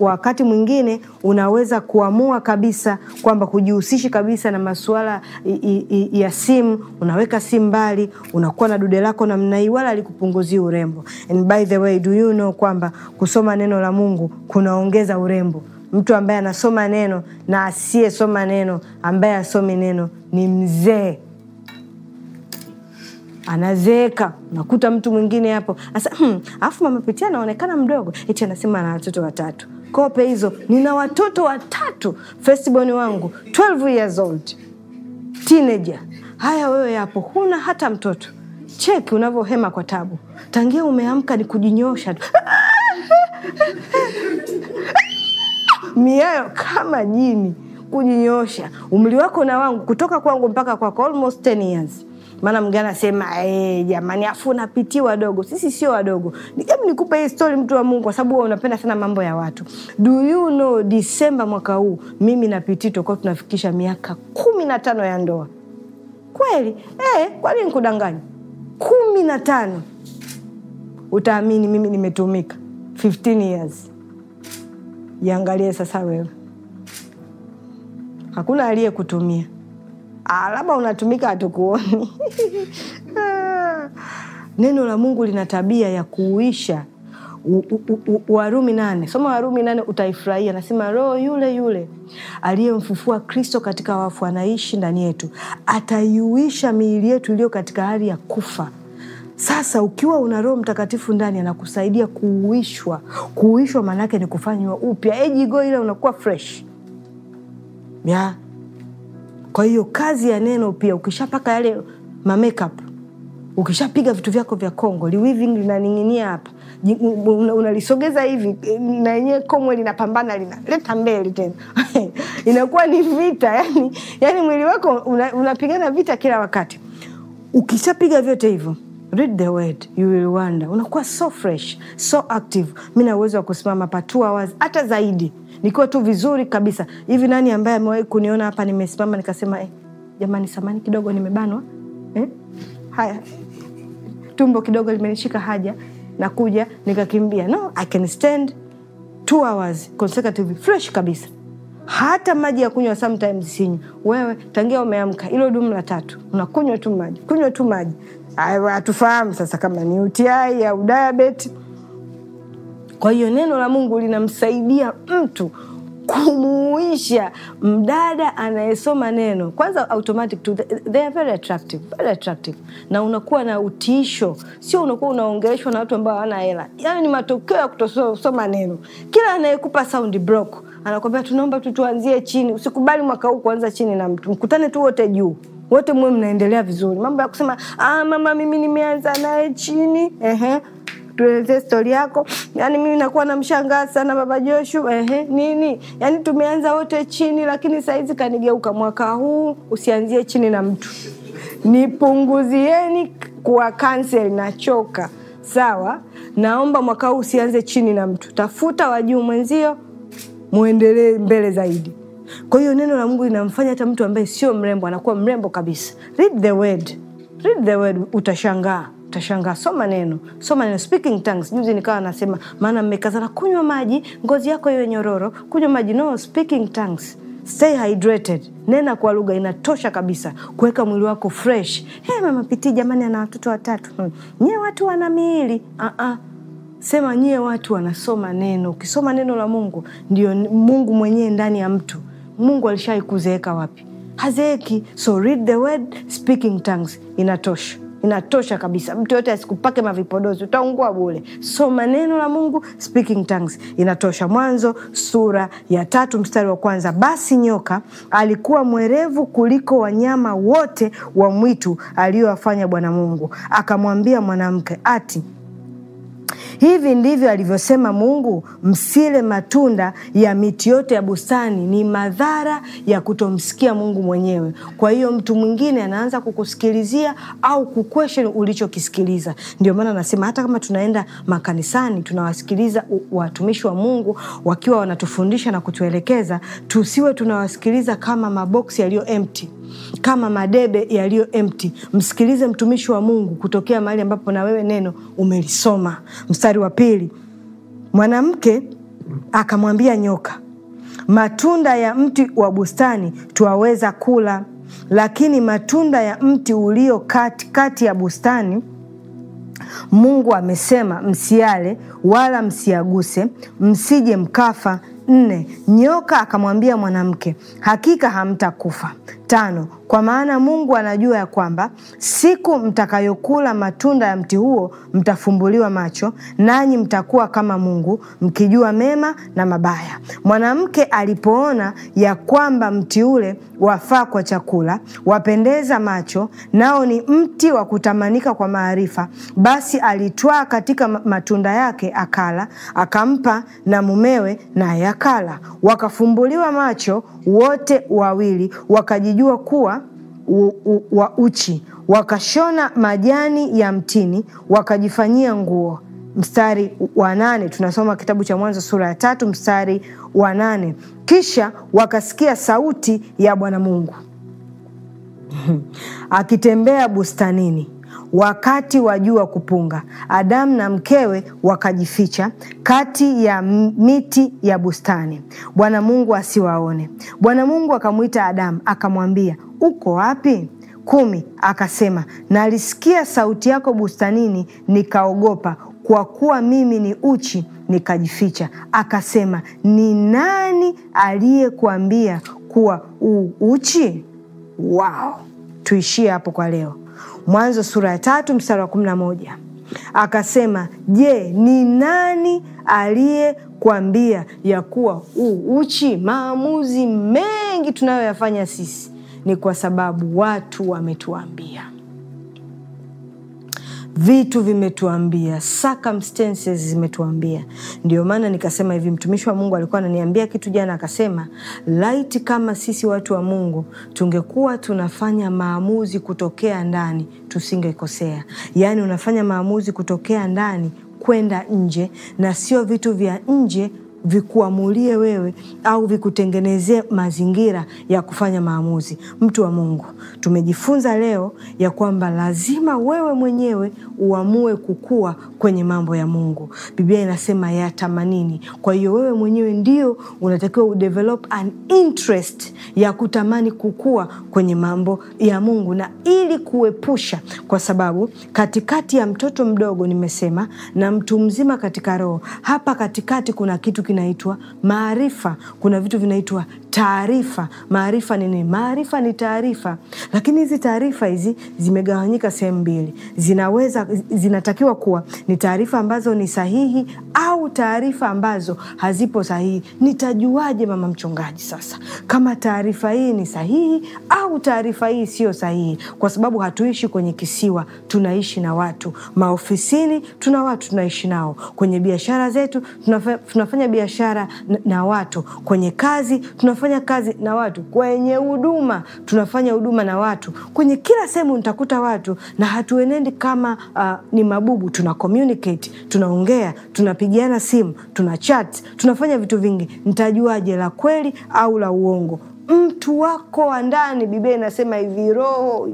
wakati mwingine unaweza kuamua kabisa kwamba hujihusishi kabisa na masuala ya simu, unaweka simu mbali, unakuwa na dude lako namna hii, wala alikupunguzia urembo. And by the way, do you know kwamba kusoma neno la Mungu kunaongeza urembo? mtu ambaye anasoma neno na asiyesoma neno, ambaye asomi neno ni mzee, anazeeka. Nakuta mtu mwingine hapo asa, hmm, alafu hmm, Pitia anaonekana mdogo, eti anasema ana watoto watatu. Kope hizo, nina watoto watatu, fesbon wangu 12 years old Haya, wewe yapo huna hata mtoto, cheki unavyohema kwa tabu, tangia umeamka ni kujinyosha tu [laughs] miayo kama jini kujinyoosha umri wako na wangu kutoka kwangu mpaka kwako almost 10 years maana mgana anasema eh, jamani afu unapitia wadogo sisi sio wadogo hebu nikupe hii story mtu wa mungu kwa sababu unapenda sana mambo ya watu do you know disemba mwaka huu mimi napitii piti tunafikisha miaka kumi na tano ya ndoa kweli eh, kwani nikudanganya kumi na tano utaamini mimi nimetumika 15 years jiangalie sasa wewe. Hakuna aliyekutumia, ah, labda unatumika hatukuoni. [laughs] Neno la Mungu lina tabia ya kuuisha. Warumi nane, soma Warumi nane utaifurahia. Nasema roho yule yule aliyemfufua Kristo katika wafu anaishi ndani yetu, ataiuisha miili yetu iliyo katika hali ya kufa sasa ukiwa una Roho Mtakatifu ndani anakusaidia kuuishwa. Kuuishwa maana yake ni kufanywa upya, ejigo ile unakuwa fresh ya. Kwa hiyo kazi ya neno pia, ukishapaka yale ma makeup, ukishapiga vitu vyako vya Kongo, liweaving linaning'inia hapa, unalisogeza hivi na yenyewe kongwe linapambana linaleta mbele tena [laughs] inakuwa ni vita yani, yani mwili wako unapigana una vita kila wakati, ukishapiga vyote hivyo read the word you will wonder. Unakuwa so fresh, so active. Mi na wa kusimama pa two hours hata zaidi, nikiwa tu vizuri kabisa hivi. Nani ambaye amewahi kuniona hapa nimesimama nikasema eh, jamani, samani kidogo, nimebanwa eh? Haya, tumbo kidogo limenishika haja, nakuja nikakimbia. No, I can stand two hours consecutive fresh kabisa hata maji ya kunywa sometimes sinywa. Wewe tangia umeamka, ilo dumu la tatu unakunywa tu maji, kunywa tu maji hatufahamu sasa kama ni uti au diabetes. Kwa hiyo neno la Mungu linamsaidia mtu kumuisha mdada anayesoma neno kwanza, automatic to they are very attractive, very attractive, na unakuwa na utiisho, sio unakuwa unaongeleshwa na watu ambao hawana hela. Yani ni matokeo ya kutosoma neno. Kila anayekupa sound block anakwambia tunaomba tu tuanzie chini, usikubali mwaka huu kuanza chini na mtu, mkutane tu wote juu wote mwe mnaendelea vizuri. Mambo ya kusema ah, mama mimi nimeanza naye chini, ehe, tuelezee stori yako. Yani mimi nakuwa namshangaa sana baba Joshu, ehe, nini? Yani tumeanza wote chini, lakini saizi kanigeuka. Mwaka huu usianzie chini na mtu, nipunguzieni kuwa kansel, nachoka. Sawa, naomba mwaka huu usianze chini na mtu, tafuta wajuu mwenzio, muendelee mbele zaidi. Kwa hiyo neno la Mungu linamfanya hata mtu ambaye sio mrembo anakuwa mrembo kabisa. Read the word. Read the word, utashangaa utashangaa. Soma neno, soma neno, speaking tongues. Juzi nikawa nasema, maana mmekazana kunywa maji, ngozi yako iwe nyororo, kunywa maji. No, speaking tongues. Stay hydrated. Nena kwa lugha inatosha kabisa kuweka mwili wako fresh. Hey, mama Pitii jamani, ana watoto watatu. Hmm. Nyie watu wana miili uh-uh. Sema nyie watu wanasoma neno. Ukisoma neno la Mungu, ndio Mungu mwenyewe ndani ya mtu Mungu alishai kuzeeka wapi? Hazeeki. So read the word, speaking tongues. Inatosha, inatosha kabisa. Mtu yote asikupake mavipodozi, utaungua bule. Soma neno la Mungu, speaking tongues, inatosha. Mwanzo sura ya tatu mstari wa kwanza. Basi nyoka alikuwa mwerevu kuliko wanyama wote wa mwitu aliyowafanya Bwana Mungu, akamwambia mwanamke ati Hivi ndivyo alivyosema Mungu, msile matunda ya miti yote ya bustani. Ni madhara ya kutomsikia Mungu mwenyewe. Kwa hiyo mtu mwingine anaanza kukusikilizia au kukweshen ulichokisikiliza. Ndio maana anasema hata kama tunaenda makanisani tunawasikiliza watumishi wa Mungu wakiwa wanatufundisha na kutuelekeza, tusiwe tunawasikiliza kama maboksi yaliyo empty kama madebe yaliyo empty. Msikilize mtumishi wa Mungu kutokea mahali ambapo na wewe neno umelisoma. Mstari wa pili, mwanamke akamwambia nyoka, matunda ya mti wa bustani twaweza kula, lakini matunda ya mti ulio kati ya bustani Mungu amesema msiale wala msiaguse, msije mkafa. Nne, nyoka akamwambia mwanamke, hakika hamtakufa, Tano, kwa maana Mungu anajua ya kwamba siku mtakayokula matunda ya mti huo mtafumbuliwa macho, nanyi mtakuwa kama Mungu mkijua mema na mabaya. Mwanamke alipoona ya kwamba mti ule wafaa kwa chakula, wapendeza macho, nao ni mti wa kutamanika kwa maarifa, basi alitwaa katika matunda yake akala, akampa na mumewe, naye akala. Wakafumbuliwa macho wote wawili, wakaji walijua kuwa u, u, wa uchi, wakashona majani ya mtini wakajifanyia nguo. Mstari wa nane tunasoma kitabu cha Mwanzo sura ya tatu mstari wa nane Kisha wakasikia sauti ya Bwana Mungu [laughs] akitembea bustanini wakati wa jua kupunga, Adamu na mkewe wakajificha kati ya miti ya bustani, Bwana Mungu asiwaone. Bwana Mungu akamwita Adamu akamwambia, uko wapi? kumi. Akasema, nalisikia sauti yako bustanini, nikaogopa kwa kuwa mimi ni uchi nikajificha. Akasema, ni nani aliyekuambia kuwa u uchi? Wao, tuishie hapo kwa leo. Mwanzo sura ya tatu mstari wa kumi na moja akasema, Je, ni nani aliyekuambia ya kuwa uuchi uchi? Maamuzi mengi tunayoyafanya sisi ni kwa sababu watu wametuambia vitu vimetuambia, circumstances zimetuambia. Ndio maana nikasema hivi, mtumishi wa Mungu alikuwa ananiambia kitu jana, akasema laiti kama sisi watu wa Mungu tungekuwa tunafanya maamuzi kutokea ndani, tusingekosea. Yaani unafanya maamuzi kutokea ndani kwenda nje, na sio vitu vya nje vikuamulie wewe au vikutengenezee mazingira ya kufanya maamuzi. Mtu wa Mungu, tumejifunza leo ya kwamba lazima wewe mwenyewe uamue kukua kwenye mambo ya Mungu. Biblia inasema ya tamanini. Kwa hiyo wewe mwenyewe ndio unatakiwa udevelop an interest ya kutamani kukua kwenye mambo ya Mungu, na ili kuepusha, kwa sababu katikati ya mtoto mdogo nimesema na mtu mzima katika roho, hapa katikati kuna kitu kina vinaitwa maarifa, kuna vitu vinaitwa taarifa. Maarifa ni nini? Maarifa ni taarifa, lakini hizi taarifa hizi zimegawanyika sehemu mbili, zinaweza zinatakiwa kuwa ni taarifa ambazo ni sahihi au taarifa ambazo hazipo sahihi. Nitajuaje mama mchungaji sasa kama taarifa hii ni sahihi au taarifa hii siyo sahihi? Kwa sababu hatuishi kwenye kisiwa, tunaishi na watu. Maofisini tuna watu tunaishi nao, kwenye biashara zetu tunafanya biashara na watu, kwenye kazi tunafanya tunafanya kazi na watu kwenye huduma, tunafanya huduma na watu kwenye kila sehemu, nitakuta watu na hatuenendi kama uh, ni mabubu. Tuna communicate, tunaongea, tunapigiana simu, tuna chat, tunafanya vitu vingi. Nitajuaje la kweli au la uongo? Mtu wako wa ndani, Biblia inasema hivi, roho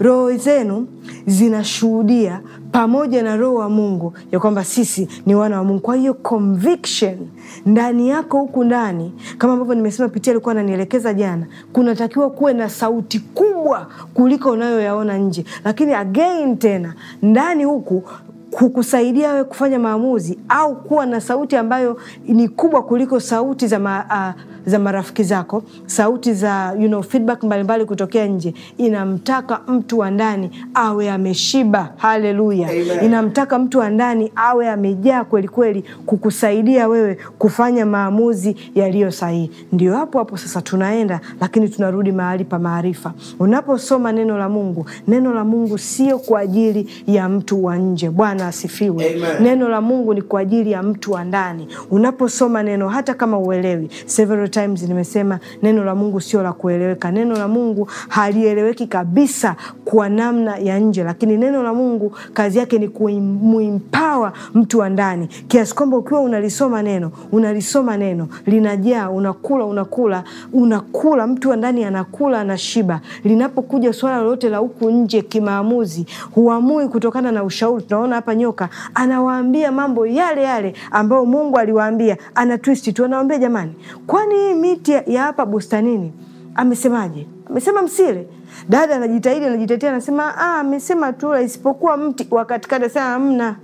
roho zenu zinashuhudia pamoja na roho wa Mungu ya kwamba sisi ni wana wa Mungu. Kwa hiyo conviction ndani yako huku ndani, kama ambavyo nimesema, Pitia alikuwa ananielekeza jana, kunatakiwa kuwe na sauti kubwa kuliko unayoyaona nje. Lakini again tena ndani huku kukusaidia wewe kufanya maamuzi au kuwa na sauti ambayo ni kubwa kuliko sauti za, ma, uh, za marafiki zako, sauti za you know, feedback mbalimbali kutokea nje. Inamtaka mtu wa ndani awe ameshiba. Haleluya! Inamtaka mtu wa ndani awe amejaa kwelikweli, kukusaidia wewe kufanya maamuzi yaliyo sahihi. Ndio hapo hapo sasa tunaenda, lakini tunarudi mahali pa maarifa. Unaposoma neno la Mungu, neno la Mungu sio kwa ajili ya mtu wa nje. Bwana Bwana asifiwe. Neno la Mungu ni kwa ajili ya mtu wa ndani. Unaposoma neno hata kama uelewi, several times nimesema neno la Mungu sio la kueleweka. Neno la Mungu halieleweki kabisa kwa namna ya nje, lakini neno la Mungu kazi yake ni kumuimpawa mtu wa ndani, kiasi kwamba ukiwa unalisoma neno unalisoma neno linajaa, unakula unakula unakula, mtu wa ndani anakula shiba Linapokuja swala lolote la huku nje kimaamuzi, huamui kutokana na ushauri. Tunaona hapa hapa nyoka anawaambia mambo yale yale ambayo Mungu aliwaambia, ana twist tu, anawaambia jamani, kwani hii miti ya hapa bustanini amesemaje? Amesema msile. Dada anajitahidi anajitetea, anasema ah, amesema tu, isipokuwa mti wa sana hamna,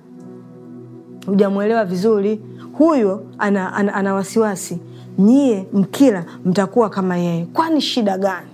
vizuri huyo, ana, ana, ana wasiwasi nyie mkila mtakuwa kama yeye. Kwani shida gani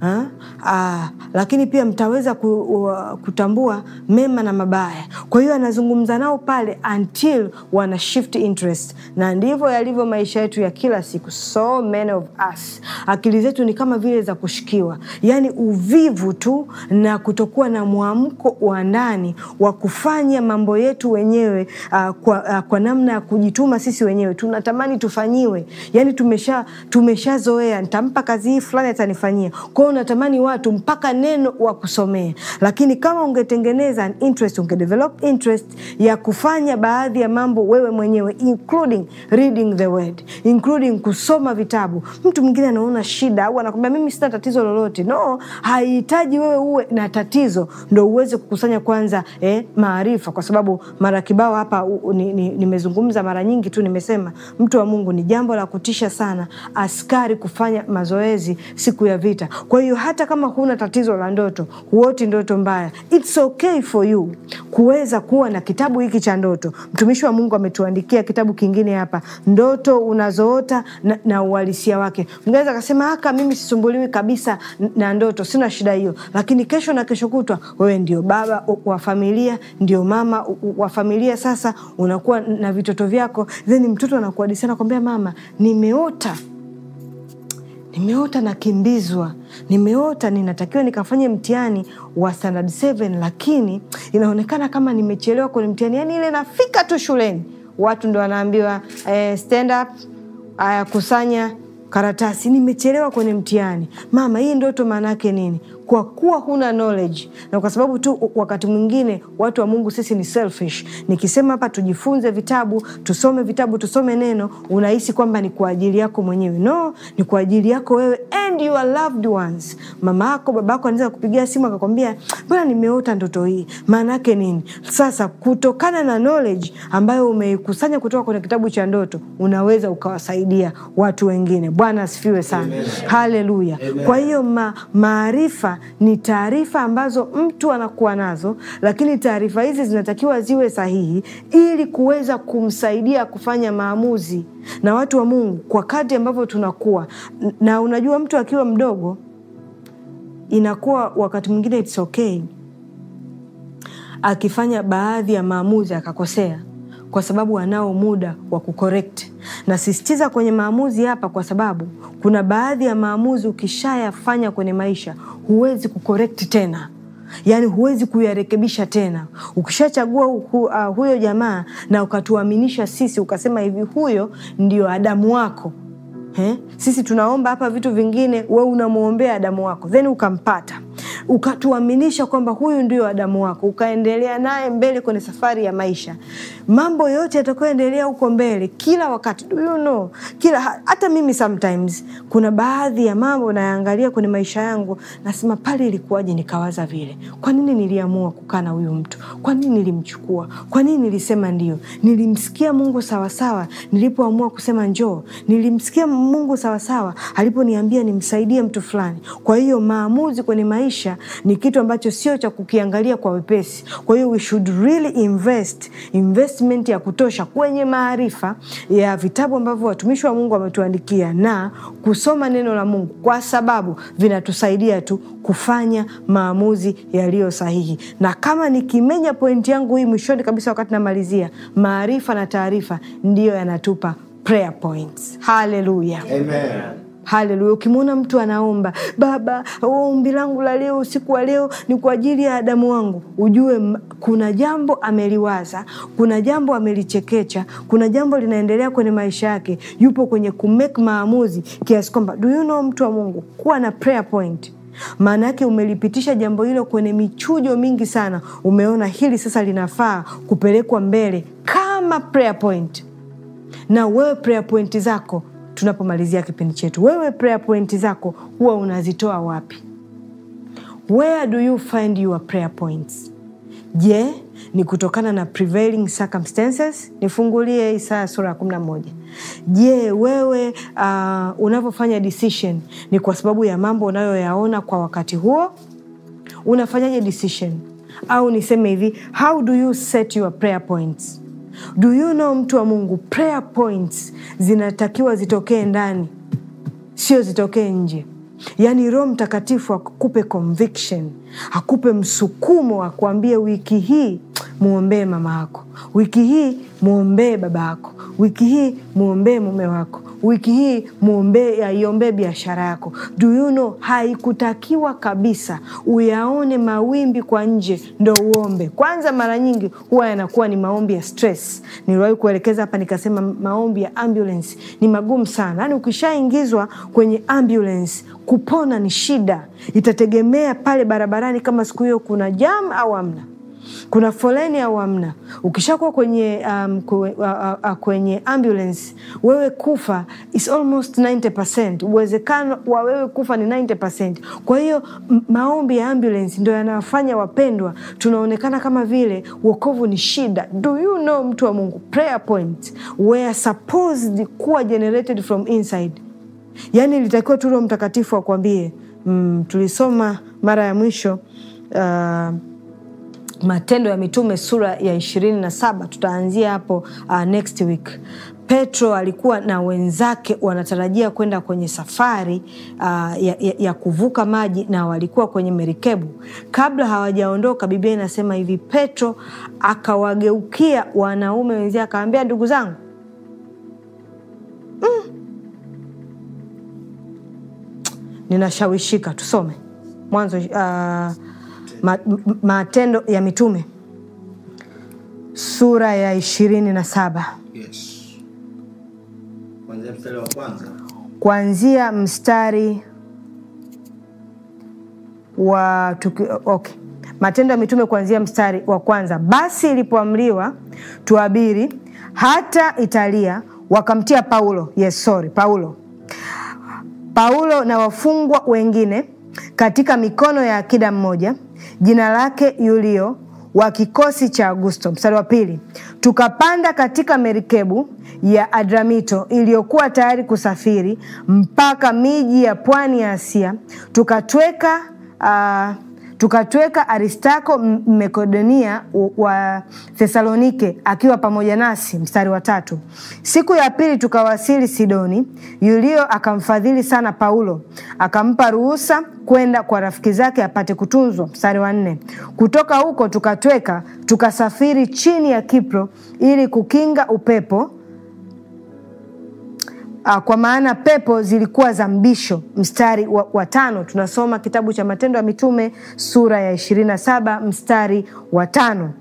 ha? Ah, Aa, ah, lakini pia mtaweza ku, uh, kutambua mema na mabaya. Kwa hiyo anazungumza nao pale until wana shift interest, na ndivyo yalivyo maisha yetu ya kila siku. So many of us akili zetu ni kama vile za kushikiwa, yaani uvivu tu na kutokuwa na mwamko wa ndani wa kufanya mambo yetu wenyewe uh, kwa, uh, kwa namna ya kujituma sisi wenyewe. Tunatamani tufanyiwe, yaani tumesha tumeshazoea, nitampa kazi hii fulani atanifanyia, kwa hiyo unatamani wa watu mpaka neno wa kusomea, lakini kama ungetengeneza an interest, ungedevelop interest ya kufanya baadhi ya mambo wewe mwenyewe including reading the word, including kusoma vitabu. Mtu mwingine anaona shida au anakwambia mimi sina tatizo lolote. No, haihitaji wewe uwe na tatizo ndo uweze kukusanya kwanza eh, maarifa, kwa sababu mara kibao hapa nimezungumza ni, ni mara nyingi tu nimesema, mtu wa Mungu, ni jambo la kutisha sana askari kufanya mazoezi siku ya vita. Kwa hiyo hata kama kama huna tatizo la ndoto, huoti ndoto mbaya, it's okay for you kuweza kuwa na kitabu hiki cha ndoto. Mtumishi wa Mungu ametuandikia kitabu kingine hapa, ndoto unazoota na, na uhalisia wake. Mnaweza kasema haka, ah, mimi sisumbuliwi kabisa na ndoto, sina shida hiyo, lakini kesho na kesho kutwa wewe ndio baba wa familia, ndio mama wa familia. Sasa unakuwa na vitoto vyako, then mtoto anakuhadisia, nakwambia mama, nimeota nimeota nakimbizwa, nimeota ninatakiwa nikafanye mtihani wa standard 7 lakini inaonekana kama nimechelewa kwenye mtihani. Yani ile nafika tu shuleni, watu ndo wanaambiwa eh, stand up, aya kusanya karatasi, nimechelewa kwenye mtihani. Mama, hii ndoto maana yake nini? kwa kuwa huna knowledge na kwa sababu tu wakati mwingine watu wa Mungu sisi ni selfish. Nikisema hapa tujifunze vitabu, tusome vitabu, tusome neno, unahisi kwamba ni kwa ajili yako mwenyewe. No, ni kwa ajili yako wewe and your loved ones. Mama yako baba yako anaweza kupigia simu akakwambia, mbona nimeota ndoto hii, maana yake nini? Sasa kutokana na knowledge ambayo umeikusanya kutoka kwenye kitabu cha ndoto, unaweza ukawasaidia watu wengine. Bwana asifiwe sana, haleluya. Kwa hiyo maarifa ni taarifa ambazo mtu anakuwa nazo, lakini taarifa hizi zinatakiwa ziwe sahihi ili kuweza kumsaidia kufanya maamuzi. Na watu wa Mungu, kwa kadri ambavyo tunakuwa na, unajua mtu akiwa mdogo inakuwa wakati mwingine it's okay akifanya baadhi ya maamuzi akakosea kwa sababu wanao muda wa kukorekti. Nasisitiza kwenye maamuzi hapa, kwa sababu kuna baadhi ya maamuzi ukishayafanya kwenye maisha huwezi kuet tena, yaani huwezi kuyarekebisha tena. Ukishachagua hu, uh, huyo jamaa na ukatuaminisha sisi, ukasema hivi, huyo ndio Adamu wako He? Eh? Sisi tunaomba hapa vitu vingine, we unamwombea Adamu wako then ukampata ukatuaminisha kwamba huyu ndio Adamu wako, ukaendelea naye mbele kwenye safari ya maisha. Mambo yote yatakayoendelea huko mbele, kila wakati you know, kila hata mimi sometimes kuna baadhi ya mambo nayaangalia kwenye maisha yangu, nasema pale ilikuwaje nikawaza vile? Kwa nini niliamua kukaa na huyu mtu? Kwa nini nilimchukua? Kwa nini nilisema ndio? Nilimsikia Mungu sawasawa nilipoamua kusema njoo, nilimsikia Mungu sawasawa aliponiambia nimsaidie mtu fulani. Kwa hiyo maamuzi kwenye maisha maisha ni kitu ambacho sio cha kukiangalia kwa wepesi. Kwa hiyo we should really invest investment ya kutosha kwenye maarifa ya vitabu ambavyo watumishi wa Mungu wametuandikia na kusoma neno la Mungu, kwa sababu vinatusaidia tu kufanya maamuzi yaliyo sahihi. Na kama nikimenya pointi yangu hii mwishoni kabisa, wakati namalizia, maarifa na taarifa ndiyo yanatupa prayer points. Haleluya, amen. Haleluya! Ukimwona mtu anaomba, Baba, ombi langu la leo, usiku wa leo ni kwa ajili ya Adamu wangu, ujue kuna jambo ameliwaza, kuna jambo amelichekecha, kuna jambo linaendelea kwenye maisha yake, yupo kwenye kumake maamuzi kiasi kwamba do you know, mtu wa Mungu, kuwa na prayer point maana yake umelipitisha jambo hilo kwenye michujo mingi sana, umeona hili sasa linafaa kupelekwa mbele kama prayer point, na wewe prayer point zako tunapomalizia kipindi chetu. Wewe prayer point zako huwa unazitoa wapi? Where do you find your prayer points? Je, ni kutokana na prevailing circumstances? Nifungulie Isaya sura ya kumi na moja. Je, wewe uh, unavyofanya decision ni kwa sababu ya mambo unayoyaona kwa wakati huo? Unafanyaje decision? Au niseme hivi, how do you set your prayer points? Do you know, mtu wa Mungu, prayer points zinatakiwa zitokee ndani, sio zitokee nje. Yaani Roho Mtakatifu akupe conviction akupe msukumo, akuambie wiki hii mwombee mama yako, wiki hii mwombee baba yako, wiki hii mwombee mume wako, wiki hii mwombee, aiombee biashara yako. Do you know, haikutakiwa kabisa uyaone mawimbi kwa nje ndo uombe kwanza. Mara nyingi huwa yanakuwa ni maombi ya stress. Niliwahi kuelekeza hapa nikasema maombi ya ambulance ni magumu sana, yaani ukishaingizwa kwenye ambulance kupona ni shida, itategemea pale barabara barabarani kama siku hiyo kuna jam au amna kuna foleni au amna Ukishakuwa kwenye, um, kwe, uh, uh, uh, kwenye ambulance wewe kufa is almost 90%, uwezekano wa wewe kufa ni 90%. Kwa hiyo maombi ya ambulance ndo yanawafanya wapendwa, tunaonekana kama vile uokovu ni shida. Do you know, mtu wa Mungu, prayer point were supposed kuwa generated from inside, yani ilitakiwa tu Roho Mtakatifu akuambie mm, tulisoma mara ya mwisho uh, Matendo ya Mitume sura ya ishirini na saba. Tutaanzia hapo uh, next week. Petro alikuwa na wenzake wanatarajia kwenda kwenye safari uh, ya, ya, ya kuvuka maji na walikuwa kwenye merikebu. Kabla hawajaondoka, Biblia inasema hivi, Petro akawageukia wanaume wenzie akawaambia, ndugu zangu mm. ninashawishika. Tusome Mwanzo uh, ma, Matendo ya Mitume sura ya ishirini na saba yes. Kuanzia mstari wa mstari wa tuki, okay. Matendo ya Mitume kuanzia mstari wa kwanza. Basi ilipoamriwa tuabiri hata Italia, wakamtia Paulo yes, sorry, Paulo Paulo na wafungwa wengine katika mikono ya akida mmoja jina lake Yulio wa kikosi cha Augusto. Mstari wa pili, tukapanda katika merikebu ya Adramito iliyokuwa tayari kusafiri mpaka miji ya pwani ya Asia tukatweka uh, tukatweka aristako Mmakedonia wa Thesalonike akiwa pamoja nasi. Mstari wa tatu, siku ya pili tukawasili Sidoni. Yulio akamfadhili sana Paulo, akampa ruhusa kwenda kwa rafiki zake apate kutunzwa. Mstari wa nne, kutoka huko tukatweka tukasafiri chini ya Kipro ili kukinga upepo uh, kwa maana pepo zilikuwa za mbisho. Mstari wa, wa tano tunasoma kitabu cha Matendo ya Mitume sura ya 27 mstari wa tano.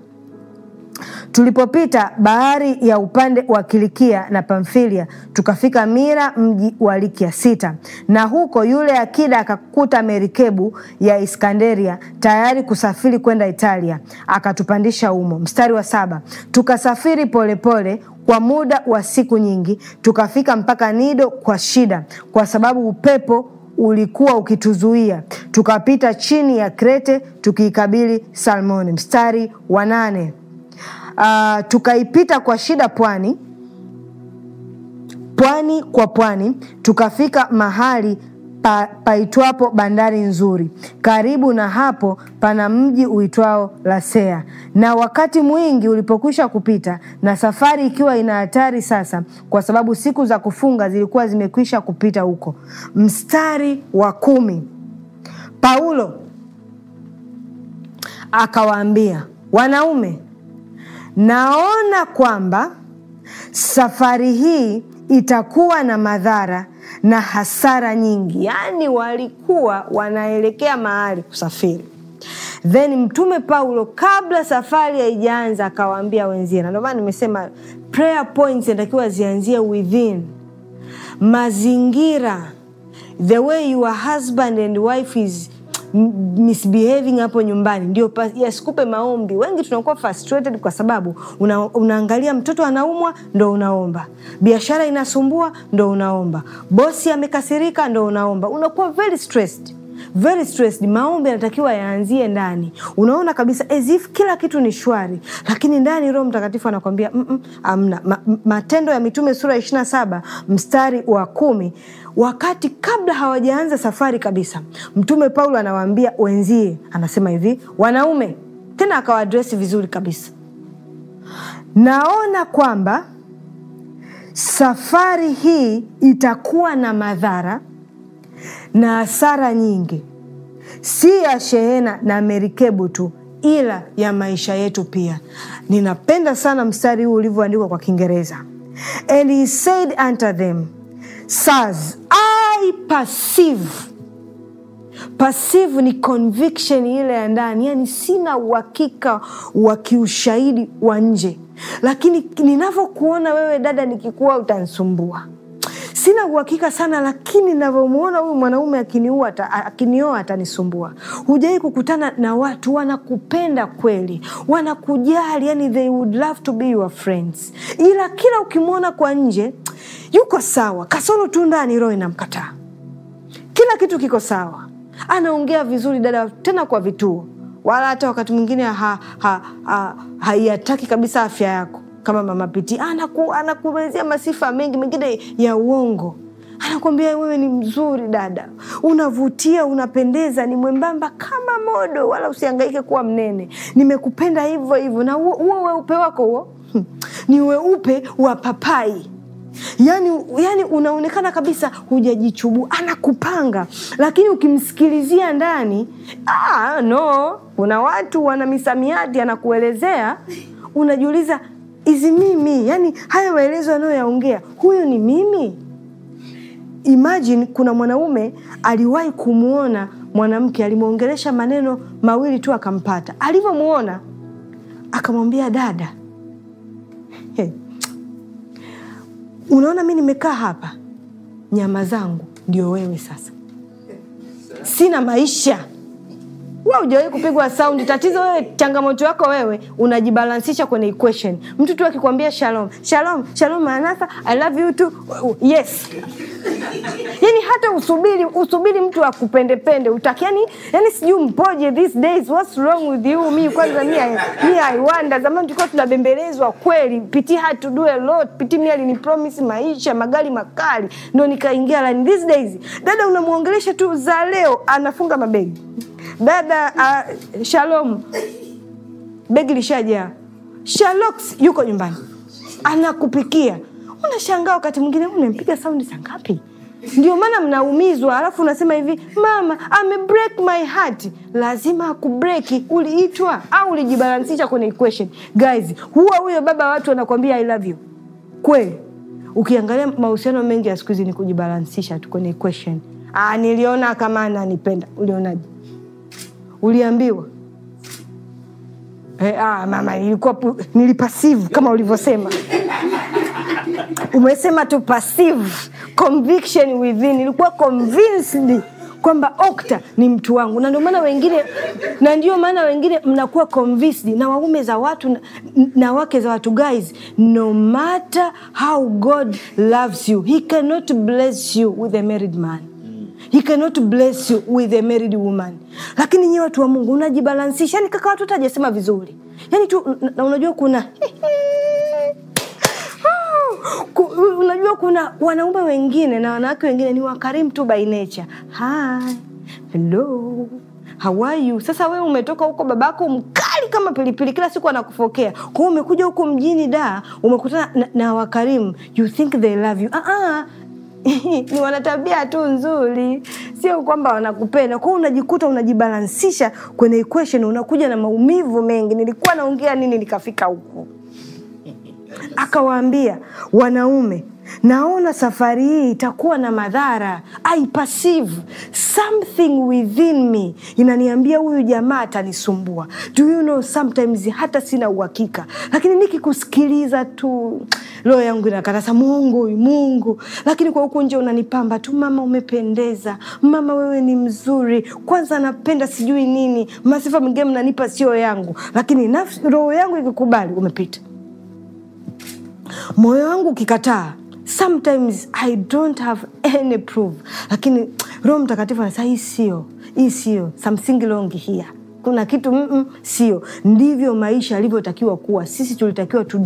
Tulipopita bahari ya upande wa Kilikia na Pamfilia, tukafika Mira, mji wa Likia Sita, na huko yule akida akakuta merikebu ya Iskanderia tayari kusafiri kwenda Italia, akatupandisha umo. Mstari wa saba, tukasafiri polepole pole, kwa muda wa siku nyingi, tukafika mpaka Nido kwa shida, kwa sababu upepo ulikuwa ukituzuia. Tukapita chini ya Krete tukiikabili Salmoni. Mstari wa nane uh, tukaipita kwa shida pwani pwani kwa pwani tukafika mahali pa, paitwapo bandari nzuri. Karibu na hapo pana mji uitwao Lasea, na wakati mwingi ulipokwisha kupita na safari ikiwa ina hatari sasa, kwa sababu siku za kufunga zilikuwa zimekwisha kupita huko. Mstari wa kumi, Paulo akawaambia wanaume naona kwamba safari hii itakuwa na madhara na hasara nyingi. Yaani walikuwa wanaelekea mahali kusafiri, then Mtume Paulo kabla safari haijaanza akawaambia wenzie, na nimesema prayer points inatakiwa zianzie within mazingira, the way your husband and wife is misbehaving hapo nyumbani, ndio yasikupe maombi. Wengi tunakuwa frustrated kwa sababu una, unaangalia mtoto anaumwa ndo unaomba, biashara inasumbua ndo unaomba, bosi amekasirika ndo unaomba, unakuwa very stressed very stressed, maombi yanatakiwa yaanzie ndani. Unaona kabisa as if kila kitu ni shwari, lakini ndani Roho Mtakatifu anakwambia mm -mm, amna. Ma, Matendo ya Mitume sura ishirini na saba mstari wa kumi wakati kabla hawajaanza safari kabisa, Mtume Paulo anawaambia wenzie, anasema hivi wanaume, tena akawaadresi vizuri kabisa, naona kwamba safari hii itakuwa na madhara na hasara nyingi, si ya shehena na merikebu tu, ila ya maisha yetu pia. Ninapenda sana mstari huu ulivyoandikwa kwa Kiingereza, and he said unto them, sirs I perceive Pasivu ni conviction ile ya ndani, yani sina uhakika wa kiushahidi wa nje, lakini ninavyokuona wewe dada, nikikuwa utansumbua, Sina uhakika sana, lakini navyomwona huyu mwanaume akinioa atanisumbua. Hujawai kukutana na watu wanakupenda kweli, wanakujali, yani they would love to be your friends, ila kila ukimwona kwa nje yuko sawa, kasoro tu ndani roho inamkataa, kila kitu kiko sawa, anaongea vizuri dada, tena kwa vituo, wala hata wakati mwingine haiataki ha, ha, ha, kabisa afya yako kama mama piti anaku, masifa mengi mengine ya uongo anakuambia wewe ni mzuri dada, unavutia, unapendeza, ni mwembamba kama modo, wala usiangaike kuwa mnene. Nimekupenda hivyo hivyo, na huo weupe wako huo hmm. ni weupe wa papai. Yani, yani unaonekana kabisa hujajichubu. Anakupanga, lakini ukimsikilizia ndani, ah, no, kuna watu wana misamiati, anakuelezea unajiuliza hizi mimi, yani haya maelezo anayoyaongea huyu ni mimi. Imagine kuna mwanaume aliwahi kumwona mwanamke, alimwongelesha maneno mawili tu akampata. Alivyomwona akamwambia dada, hey, unaona mi nimekaa hapa, nyama zangu ndio wewe sasa, sina maisha wewe hujawahi kupigwa sound. Tatizo wewe, changamoto yako wewe unajibalansisha kwenye equation. Mtu tu akikwambia shalom, shalom, shalom Anasa, I love you too. Yes. Yani hata usubiri usubiri mtu akupendepende utaki yani, yani sijui mpoje these days what's wrong with you. Mi kwanza mi mi I wonder, zamani tulikuwa tunabembelezwa kweli, piti had to do a lot, piti mi alinipromise maisha magari makali ndo nikaingia line. These days dada unamwongelesha tu za leo anafunga mabegi dada dada a, Shalom begi lishajaa, Shalox yuko nyumbani anakupikia. Unashangaa wakati mwingine umempiga saundi za ngapi? Ndio maana mnaumizwa, alafu unasema hivi, mama ame break my heart. Lazima akubreki, uliitwa au ulijibalansisha kwenye equation. Guys, huwa huyo baba watu wanakwambia I love you kweli. Ukiangalia mahusiano mengi ya siku hizi ni kujibalansisha tu kwenye equation. Ah, niliona kama ananipenda. Ulionaje? uliambiwa Hey, eh, ah, mama ilikuwa nilipasivu kama ulivyosema umesema tu passive conviction within. ilikuwa convinced kwamba Okta ni mtu wangu, na ndio maana wengine na ndio maana wengine mnakuwa convinced na waume za watu na, na wake za watu. Guys, no matter how God loves you he cannot bless you with a married man He cannot bless you with a married woman. Lakini nyie watu wa Mungu unajibalansisha, yani kaka, watu utajasema vizuri, yani tu na, unajua kuna [laughs] unajua kuna wanaume wengine na wanawake wengine ni wakarimu tu by nature. Hi. Hello. How are you? Sasa wewe umetoka huko babako mkali kama pilipili kila siku anakufokea. Kwa hiyo umekuja huko mjini da, umekutana na, na wakarimu. You think they love you. Ah ah, [laughs] ni wanatabia tu nzuri, sio kwamba wanakupenda. Kwa hiyo unajikuta unajibalansisha kwenye equation, unakuja na maumivu mengi. Nilikuwa naongea nini nikafika huku? Akawaambia, wanaume, naona safari hii itakuwa na madhara. I perceive something within me inaniambia huyu jamaa atanisumbua. Do you know, sometimes hata sina uhakika, lakini nikikusikiliza tu roho yangu inakatasa, Mungu huyu Mungu. Lakini kwa huku nje unanipamba tu, mama umependeza, mama wewe ni mzuri, kwanza napenda sijui nini, masifa mengine mnanipa sio yangu, lakini roho yangu ikikubali, umepita moyo wangu ukikataa sometimes i don't have any proof lakini roho mtakatifu anasa hii sio hii sio something long kuna kitu mm-mm, sio ndivyo maisha alivyotakiwa kuwa sisi tulitakiwa tu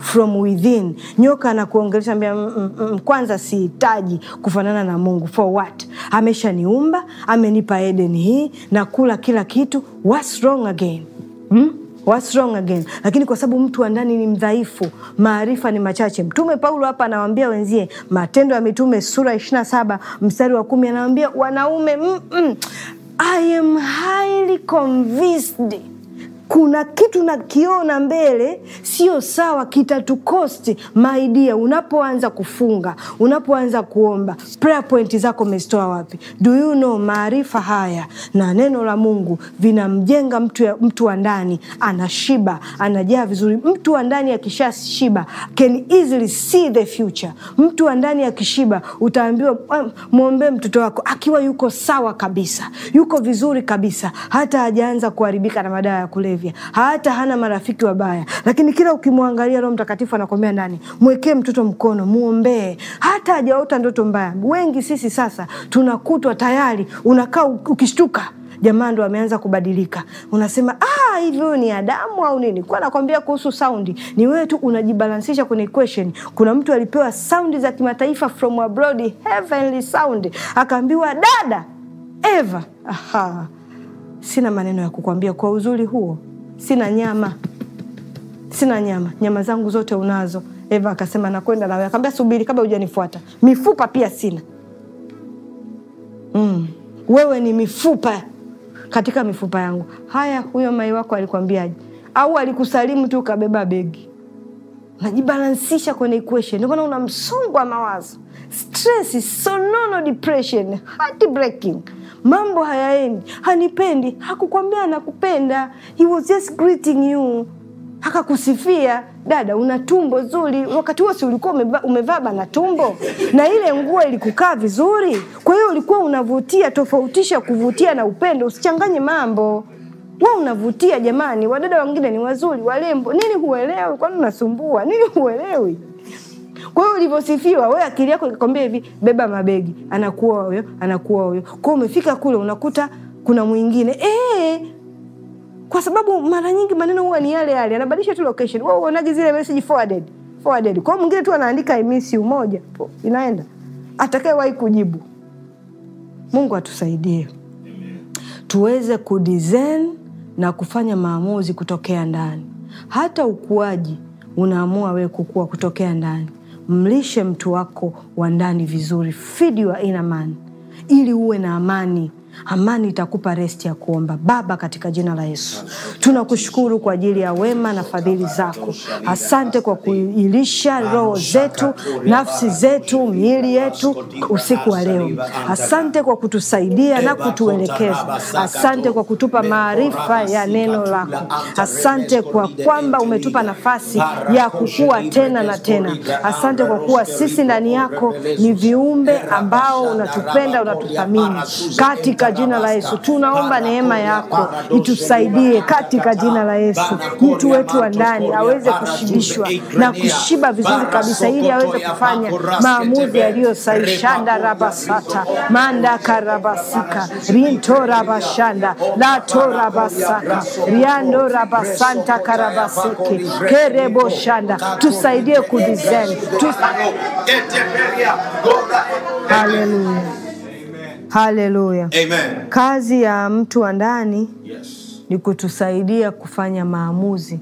from within nyoka anakuongelesha mm, mm, kwanza sihitaji kufanana na mungu for what ameshaniumba amenipa eden hii na kula kila kitu what's wrong again hmm? What's wrong again? Lakini kwa sababu mtu wa ndani ni mdhaifu, maarifa ni machache. Mtume Paulo hapa anawaambia wenzie, Matendo ya Mitume sura 27 mstari wa kumi, anawaambia wanaume, mm -mm, I am highly convinced kuna kitu nakiona mbele sio sawa, kitatukosti maidia. Unapoanza kufunga, unapoanza kuomba, prayer point zako umezitoa wapi? Do you know, maarifa haya na neno la Mungu vinamjenga mtu, mtu wa ndani anashiba, anajaa vizuri. Mtu wa ndani akishashiba can easily see the future. Mtu wa ndani akishiba, utaambiwa ah, mwombee mtoto wako akiwa yuko sawa kabisa, yuko vizuri kabisa, hata hajaanza kuharibika na madawa ya kulevya kulevya, hata hana marafiki wabaya, lakini kila ukimwangalia Roho Mtakatifu anakwambia nani, mwekee mtoto mkono, muombee, hata hajaota ndoto mbaya. Wengi sisi sasa tunakutwa tayari, unakaa ukishtuka jamaa ndo ameanza kubadilika, unasema ah, hivi huyu ni Adamu au nini? Kuwa nakwambia kuhusu saundi, ni wewe tu unajibalansisha kwenye equation. Kuna mtu alipewa saundi za kimataifa from abroad, heavenly sound, akaambiwa dada Eva, aha Sina maneno ya kukwambia kwa uzuri huo. Sina nyama, sina nyama, nyama zangu zote unazo. Eva akasema nakwenda nawe, akaambia subiri, kabla hujanifuata mifupa pia sina. Mm. Wewe ni mifupa katika mifupa yangu. Haya, huyo mai wako alikwambiaje? Au alikusalimu tu ukabeba begi? Najibalansisha kwenye equation, ndio maana una msongo wa mawazo, stress, sonono, depression, heart breaking mambo hayaendi, hanipendi. Hakukwambia anakupenda, he was just greeting you, akakusifia dada, una tumbo zuri. Wakati huo si ulikuwa umevaa umevaa bana tumbo, na ile nguo ilikukaa vizuri, kwa hiyo ulikuwa unavutia. Tofautisha kuvutia na upendo, usichanganye mambo. We unavutia jamani, wadada wengine ni wazuri, warembo. Nini huelewi? Kwani unasumbua nini? Huelewi? Kwa hiyo ulivyosifiwa, wewe akili yako ikakwambia hivi, beba mabegi, anakuwa huyo, anakuwa huyo. Kwa hiyo umefika kule unakuta kuna mwingine e, kwa sababu mara nyingi maneno huwa ni yale yale, anabadilisha tu location. Wewe uonage zile message forwarded forwarded? Kwa mwingine tu anaandika I miss you moja, inaenda atakayewahi kujibu. Mungu atusaidie tuweze kudesign na kufanya maamuzi kutokea ndani. Hata ukuaji unaamua wewe kukua kutokea ndani mlishe mtu wako wa ndani vizuri, feed your inner man ili uwe na amani amani itakupa resti ya kuomba. Baba, katika jina la Yesu tunakushukuru kwa ajili ya wema na fadhili zako. Asante kwa kuilisha roho zetu, nafsi zetu, miili yetu usiku wa leo. Asante kwa kutusaidia na kutuelekeza. Asante kwa kutupa maarifa ya neno lako. Asante kwa kwamba umetupa nafasi ya kukua tena na tena. Asante kwa kuwa sisi ndani yako ni viumbe ambao unatupenda, unatuthamini katika katika jina la Yesu. Tunaomba neema yako itusaidie katika jina la Yesu, mtu wetu wa ndani aweze kushibishwa na kushiba vizuri kabisa, ili aweze kufanya maamuzi yaliyo sahihi. shanda rabasata manda karabasika rinto rabashanda lato rabasaka riando rabasanta karabaseke kerebo shanda, tusaidie kudizeni. Haleluya. Haleluya. Amen. Kazi ya mtu wa ndani yes, ni kutusaidia kufanya maamuzi,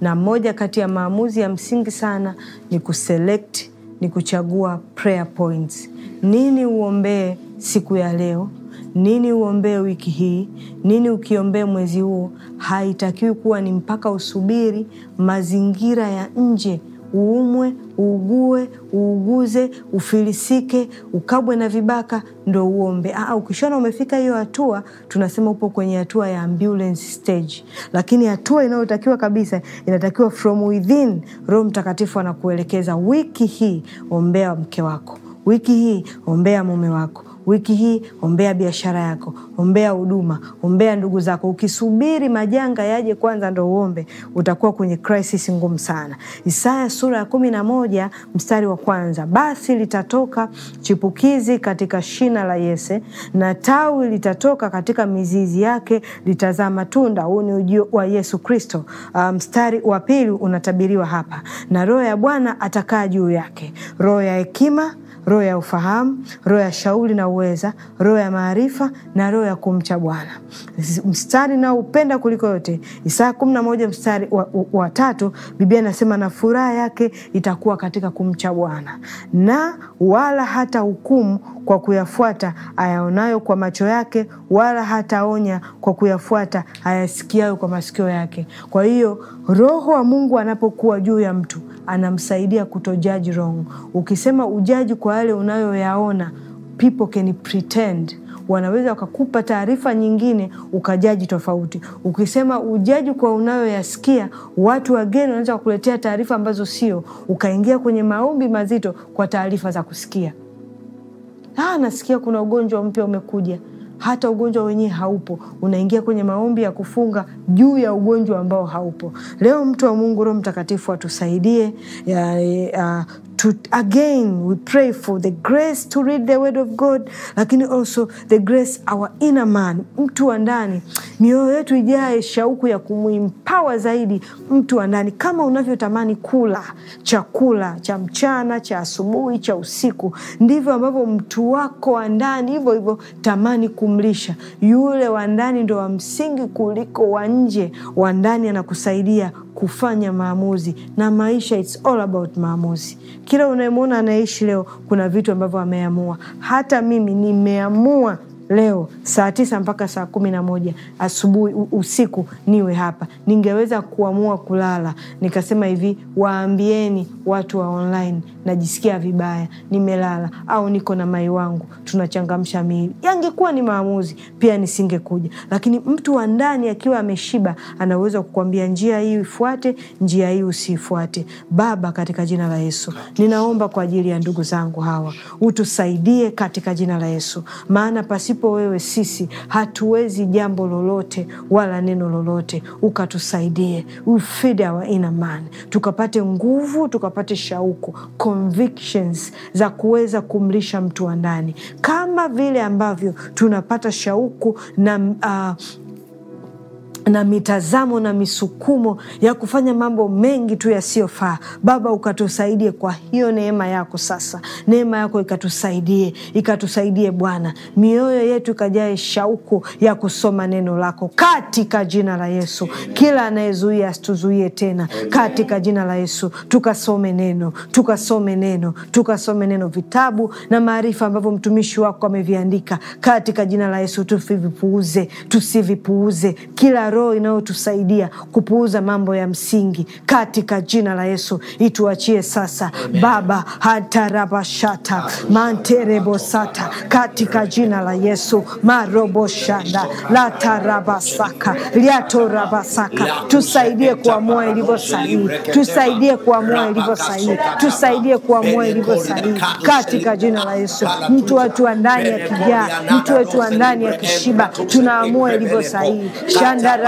na moja kati ya maamuzi ya msingi sana ni kuselect, ni kuchagua prayer points. Nini uombee siku ya leo? Nini uombee wiki hii? Nini ukiombee mwezi huu? Haitakiwi kuwa ni mpaka usubiri mazingira ya nje uumwe, uugue, uuguze, ufilisike, ukabwe na vibaka ndo uombe. Aa, ah, ah, ukishona umefika hiyo hatua, tunasema upo kwenye hatua ya ambulance stage. Lakini hatua inayotakiwa kabisa, inatakiwa from within. Roho Mtakatifu anakuelekeza wiki hii ombea mke wako, wiki hii ombea mume wako, Wiki hii ombea biashara yako, ombea huduma, ombea ndugu zako. Ukisubiri majanga yaje kwanza ndo uombe, utakuwa kwenye crisis ngumu sana. Isaya sura ya kumi na moja mstari wa kwanza, basi litatoka chipukizi katika shina la Yese na tawi litatoka katika mizizi yake, litazaa matunda. Huu ni ujio wa Yesu Kristo. Ah, mstari um, wa pili unatabiriwa hapa, na Roho ya Bwana atakaa juu yake, roho ya hekima roho ya ufahamu, roho ya shauri na uweza, roho ya maarifa na roho ya kumcha Bwana. Mstari naoupenda kuliko yote, Isaya kumi na moja mstari wa, wa, wa tatu, Biblia inasema na furaha yake itakuwa katika kumcha Bwana, na wala hata hukumu kwa kuyafuata ayaonayo kwa macho yake, wala hataonya kwa kuyafuata ayasikiayo kwa masikio yake. Kwa hiyo roho wa Mungu anapokuwa juu ya mtu anamsaidia kutojaji wrong. Ukisema ujaji kwa yale unayoyaona, people can pretend wanaweza wakakupa taarifa nyingine ukajaji tofauti. Ukisema ujaji kwa unayoyasikia, watu wageni wanaweza wakuletea taarifa ambazo sio, ukaingia kwenye maombi mazito kwa taarifa za kusikia. Ah, nasikia kuna ugonjwa mpya umekuja, hata ugonjwa wenyewe haupo, unaingia kwenye maombi ya kufunga juu ya ugonjwa ambao haupo. Leo mtu wa Mungu, Roho Mtakatifu atusaidie to again we pray for the grace to read the word of God, lakini also the grace our inner man, mtu wa ndani. Mioyo yetu ijae shauku ya kumuimpawa zaidi mtu wa ndani, kama unavyotamani kula chakula cha mchana, cha asubuhi, cha usiku, ndivyo ambavyo mtu wako wa ndani hivyo hivyo tamani kumlisha. Yule wa ndani ndo wa msingi kuliko wa nje. Wa ndani anakusaidia kufanya maamuzi na maisha, it's all about maamuzi kila unayemwona anaishi leo kuna vitu ambavyo ameamua. Hata mimi nimeamua leo saa tisa mpaka saa kumi na moja asubuhi usiku niwe hapa. Ningeweza kuamua kulala nikasema hivi, waambieni watu wa online najisikia vibaya, nimelala au niko na mai wangu, tunachangamsha miili. Yangekuwa ni maamuzi, pia nisingekuja. Lakini mtu wa ndani akiwa ameshiba, anaweza kukwambia njia hii ifuate, njia hii usiifuate. Baba, katika jina la Yesu ninaomba kwa ajili ya ndugu zangu hawa, utusaidie katika jina la Yesu, maana pasipo pasipo wewe sisi hatuwezi jambo lolote wala neno lolote, ukatusaidie. We feed our inner man, tukapate nguvu, tukapate shauku, convictions za kuweza kumlisha mtu wa ndani, kama vile ambavyo tunapata shauku na uh, na mitazamo na misukumo ya kufanya mambo mengi tu yasiyofaa. Baba, ukatusaidie kwa hiyo neema yako. Sasa neema yako ikatusaidie, ikatusaidie Bwana, mioyo yetu ikajae shauku ya kusoma neno lako katika jina la Yesu. Kila anayezuia asituzuie tena katika jina la Yesu, tukasome neno, tukasome neno, tukasome neno, vitabu na maarifa ambavyo mtumishi wako ameviandika katika jina la Yesu, tusivipuuze, tusivipuuze kila roho inayotusaidia kupuuza mambo ya msingi katika jina la Yesu ituachie sasa Amen. Baba hatarabashata manterebosata katika jina la Yesu maroboshanda latarabasaka liatorabasaka tusaidie kuamua ilivyo sahihi, tusaidie kuamua ilivyo sahihi, tusaidie kuamua ilivyo sahihi katika jina la Yesu. Mtu wetu wa ndani ya kijaa, mtu wetu wa ndani ya kishiba, tunaamua ilivyo sahihi shandara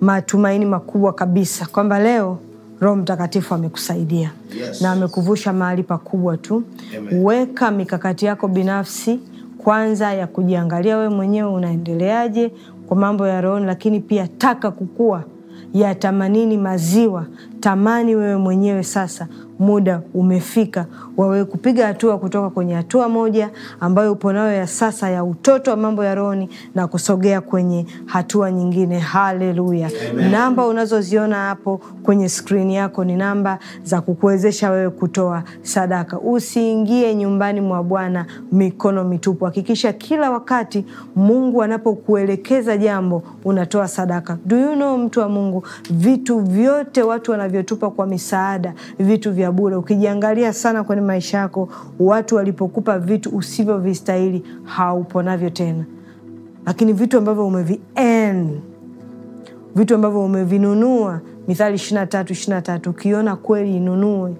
matumaini makubwa kabisa kwamba leo Roho Mtakatifu amekusaidia yes, na amekuvusha mahali pakubwa tu. Amen. Weka mikakati yako binafsi kwanza ya kujiangalia wewe mwenyewe unaendeleaje kwa mambo ya rohoni, lakini pia taka kukua ya tamanini maziwa, tamani wewe mwenyewe sasa muda umefika wawe kupiga hatua kutoka kwenye hatua moja ambayo upo nayo ya sasa ya utoto wa mambo ya rohoni na kusogea kwenye hatua nyingine. Haleluya! Namba unazoziona hapo kwenye skrini yako ni namba za kukuwezesha wewe kutoa sadaka. Usiingie nyumbani mwa Bwana mikono mitupu. Hakikisha kila wakati Mungu anapokuelekeza jambo unatoa sadaka. Do you know, mtu wa Mungu, vitu vyote watu wanavyotupa kwa misaada, vitu vya bure. Ukijiangalia sana kwenye maisha yako, watu walipokupa vitu usivyovistahili haupo navyo tena, lakini vitu ambavyo umevi vitu ambavyo umevinunua Mithali ishirini na tatu ishirini na tatu ukiona kweli inunue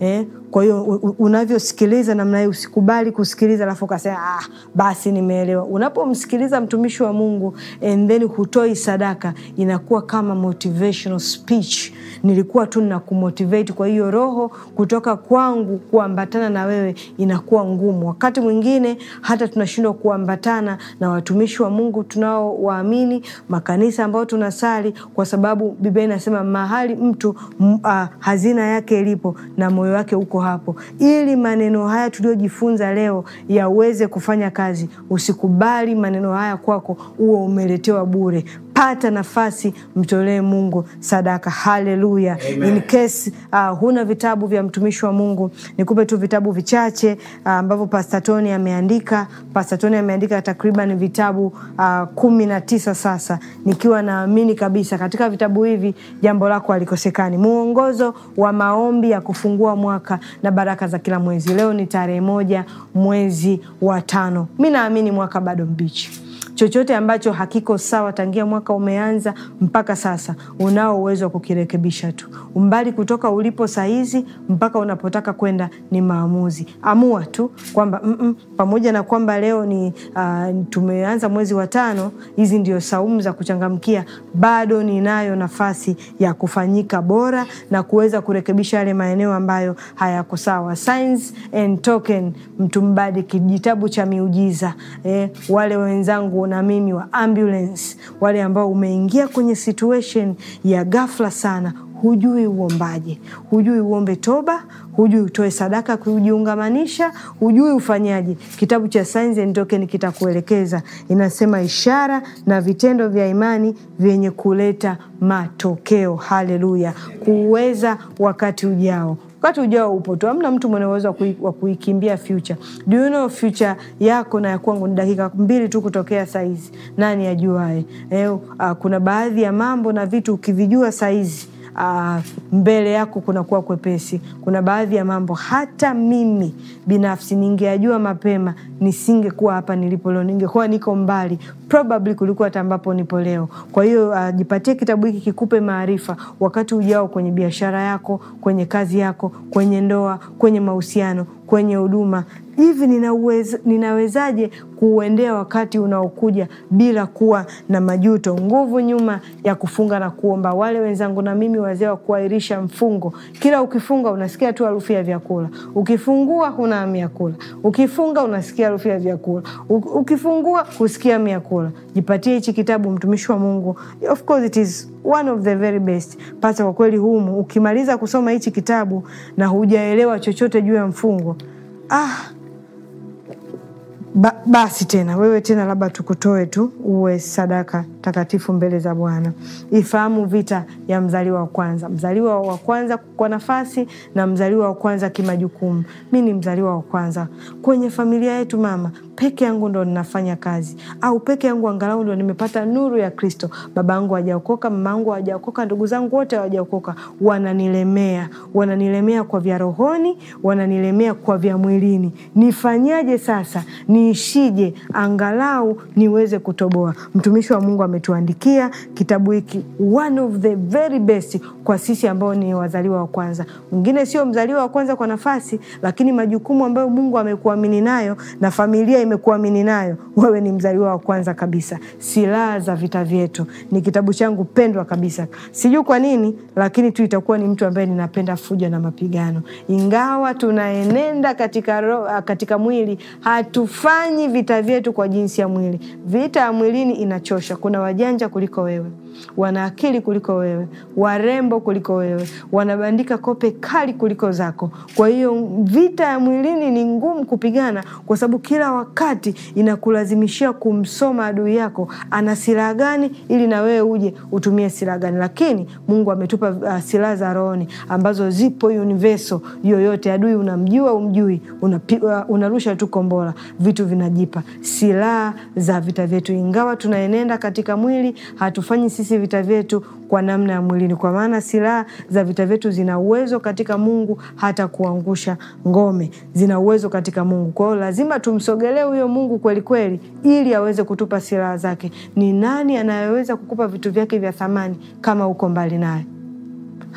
eh? Kwa hiyo unavyosikiliza namna hii, usikubali kusikiliza alafu ukasema ah, basi nimeelewa. Unapomsikiliza mtumishi wa Mungu and then hutoi sadaka, inakuwa kama motivational speech. Nilikuwa tu nakumotivate. Kwa hiyo roho kutoka kwangu kuambatana na wewe inakuwa ngumu. Wakati mwingine hata tunashindwa kuambatana na watumishi wa Mungu tunaowaamini, makanisa ambayo tunasali, kwa sababu Biblia inasema mahali mtu uh, hazina yake ilipo na moyo wake uko hapo, ili maneno haya tuliyojifunza leo yaweze kufanya kazi. Usikubali maneno haya kwako huo umeletewa bure pata nafasi, mtolee Mungu sadaka. Haleluya! in case uh, huna vitabu vya mtumishi wa Mungu, nikupe tu vitabu vichache ah, ambavyo uh, Pastor Tony ameandika. Pastor Tony ameandika takriban vitabu uh, kumi na tisa sasa, nikiwa naamini kabisa katika vitabu hivi jambo lako alikosekani Muongozo wa maombi ya kufungua mwaka na baraka za kila mwezi. Leo ni tarehe moja mwezi wa tano. Mi naamini mwaka bado mbichi Chochote ambacho hakiko sawa tangia mwaka umeanza mpaka sasa, unao uwezo wa kukirekebisha tu. Umbali kutoka ulipo sahizi mpaka unapotaka kwenda ni maamuzi. Amua tu kwamba mm -mm, pamoja na kwamba leo ni uh, tumeanza mwezi wa tano, hizi ndio saumu za kuchangamkia, bado ninayo nafasi ya kufanyika bora na kuweza kurekebisha yale maeneo ambayo hayako sawa. Signs and Token, Mtumbadi, kijitabu cha miujiza eh, wale wenzangu na mimi wa ambulance, wale ambao umeingia kwenye situation ya ghafla sana, hujui uombaje, hujui uombe toba, hujui utoe sadaka kujiungamanisha, hujui ufanyaje. Kitabu cha Signs and Tokens kitakuelekeza, inasema ishara na vitendo vya imani vyenye kuleta matokeo. Haleluya, kuweza wakati ujao wakati ujao upo tu, amna mtu mwenye uwezo wa kuikimbia future. Do you know future yako na ya kwangu ni dakika mbili tu kutokea saizi, nani ajuae? Eh, uh, kuna baadhi ya mambo na vitu ukivijua saizi uh, mbele yako kunakuwa kwepesi. Kuna baadhi ya mambo hata mimi binafsi ningeajua mapema nisingekuwa hapa nilipo leo, ningekuwa niko mbali probably kuliko hata ambapo nipo leo. Kwa hiyo uh, jipatie kitabu hiki kikupe maarifa wakati ujao kwenye biashara yako, kwenye kazi yako, kwenye ndoa, kwenye mahusiano, kwenye huduma hivi ninaweza, ninawezaje kuuendea wakati unaokuja bila kuwa na majuto? Nguvu nyuma ya kufunga na kuomba. Wale wenzangu na mimi wazee wa kuahirisha mfungo, kila ukifunga unasikia tu harufu ya vyakula, ukifungua huna hamu ya kula, ukifunga unasikia harufu ya vyakula, ukifungua husikia hamu ya kula. Jipatie hichi kitabu, mtumishi wa Mungu, of course it is one of the very best. Pata kwa kweli, humu ukimaliza kusoma hichi kitabu na hujaelewa chochote juu ya mfungo ah, ba, basi tena wewe tena labda tukutoe tu uwe sadaka takatifu mbele za Bwana. Ifahamu vita ya mzaliwa wa kwanza, mzaliwa wa kwanza kwa nafasi na mzaliwa wa kwanza kimajukumu. Mi ni mzaliwa wa kwanza kwenye familia yetu. Mama peke yangu ndo ninafanya kazi au peke yangu angalau ndo nimepata nuru ya Kristo. Baba yangu hajaokoka, mama yangu hajaokoka, ndugu zangu wote hawajaokoka, wananilemea, wananilemea kwa vya rohoni, wananilemea kwa vya mwilini. Nifanyaje sasa? Niishije angalau niweze kutoboa? Mtumishi wa Mungu ame ametuandikia kitabu hiki one of the very best kwa sisi ambao ni wazaliwa wa kwanza. Mwingine sio mzaliwa wa kwanza kwa nafasi, lakini majukumu ambayo Mungu amekuamini nayo na familia imekuamini nayo, wewe ni mzaliwa wa kwanza kabisa. Silaha za vita vyetu ni kitabu changu pendwa kabisa, sijui kwa nini, lakini tu itakuwa ni mtu ambaye ninapenda fujo na mapigano. Ingawa tunaenenda katika, ro, katika mwili, hatufanyi vita vyetu kwa jinsi ya mwili. Vita ya mwilini inachosha. Kuna wajanja kuliko wewe wana akili kuliko wewe, warembo kuliko wewe, wanabandika kope kali kuliko zako. Kwa hiyo vita ya mwilini ni ngumu kupigana, kwa sababu kila wakati inakulazimishia kumsoma adui yako ana silaha gani, ili na wewe uje utumie silaha gani. Lakini Mungu ametupa uh, silaha za rohoni ambazo zipo universal. Yoyote adui unamjua umjui, uh, unarusha tu kombora, vitu vinajipa. Silaha za vita vyetu, ingawa tunaenenda katika mwili, hatufanyi sisi sisi vita vyetu kwa namna ya mwilini, kwa maana silaha za vita vyetu zina uwezo katika Mungu hata kuangusha ngome, zina uwezo katika Mungu. Kwa hiyo lazima tumsogelee huyo Mungu kwelikweli, ili aweze kutupa silaha zake. Ni nani anayeweza kukupa vitu vyake vya thamani kama uko mbali naye?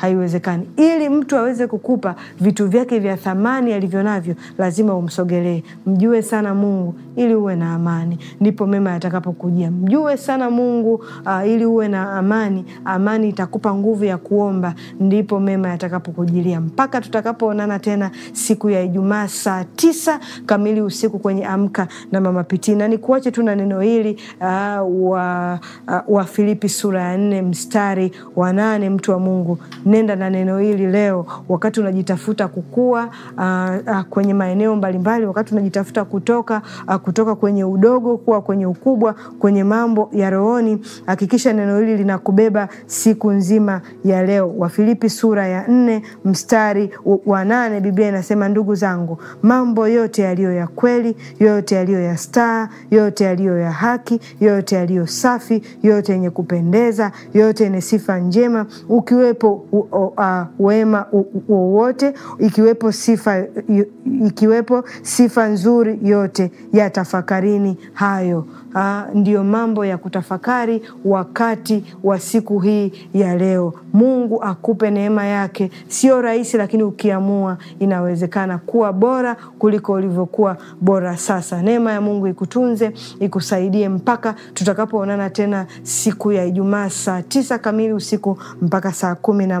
haiwezekani. Ili mtu aweze kukupa vitu vyake vya thamani alivyo navyo, lazima umsogelee. Mjue sana Mungu ili uwe na amani, ndipo mema yatakapokujia. Mjue sana Mungu uh, ili uwe na amani. Amani itakupa nguvu ya kuomba, ndipo mema yatakapokujilia. Mpaka tutakapoonana tena siku ya Ijumaa saa tisa kamili usiku kwenye Amka na Mama Pitii, na nikuache tu na neno hili uh, wa, uh, wa Filipi sura ya nne mstari wa nane mtu wa Mungu nenda na neno hili leo, wakati unajitafuta kukua uh, uh, kwenye maeneo mbalimbali, wakati unajitafuta kutoka uh, kutoka kwenye udogo kuwa kwenye ukubwa, kwenye mambo ya rohoni, hakikisha neno hili linakubeba siku nzima ya leo. Wafilipi sura ya nne mstari wa nane Biblia inasema, ndugu zangu, mambo yote yaliyo ya kweli, yote yaliyo ya staa, yote yaliyo ya haki, yote yaliyo safi, yote yenye kupendeza, yote yenye sifa njema, ukiwepo wema wowote, ikiwepo sifa, ikiwepo sifa nzuri yote. Ya tafakarini hayo. Ah, ndiyo mambo ya kutafakari wakati wa siku hii ya leo. Mungu akupe neema yake. Sio rahisi, lakini ukiamua inawezekana kuwa bora kuliko ulivyokuwa bora sasa. Neema ya Mungu ikutunze, ikusaidie mpaka tutakapoonana tena siku ya Ijumaa saa tisa kamili usiku mpaka saa kumi na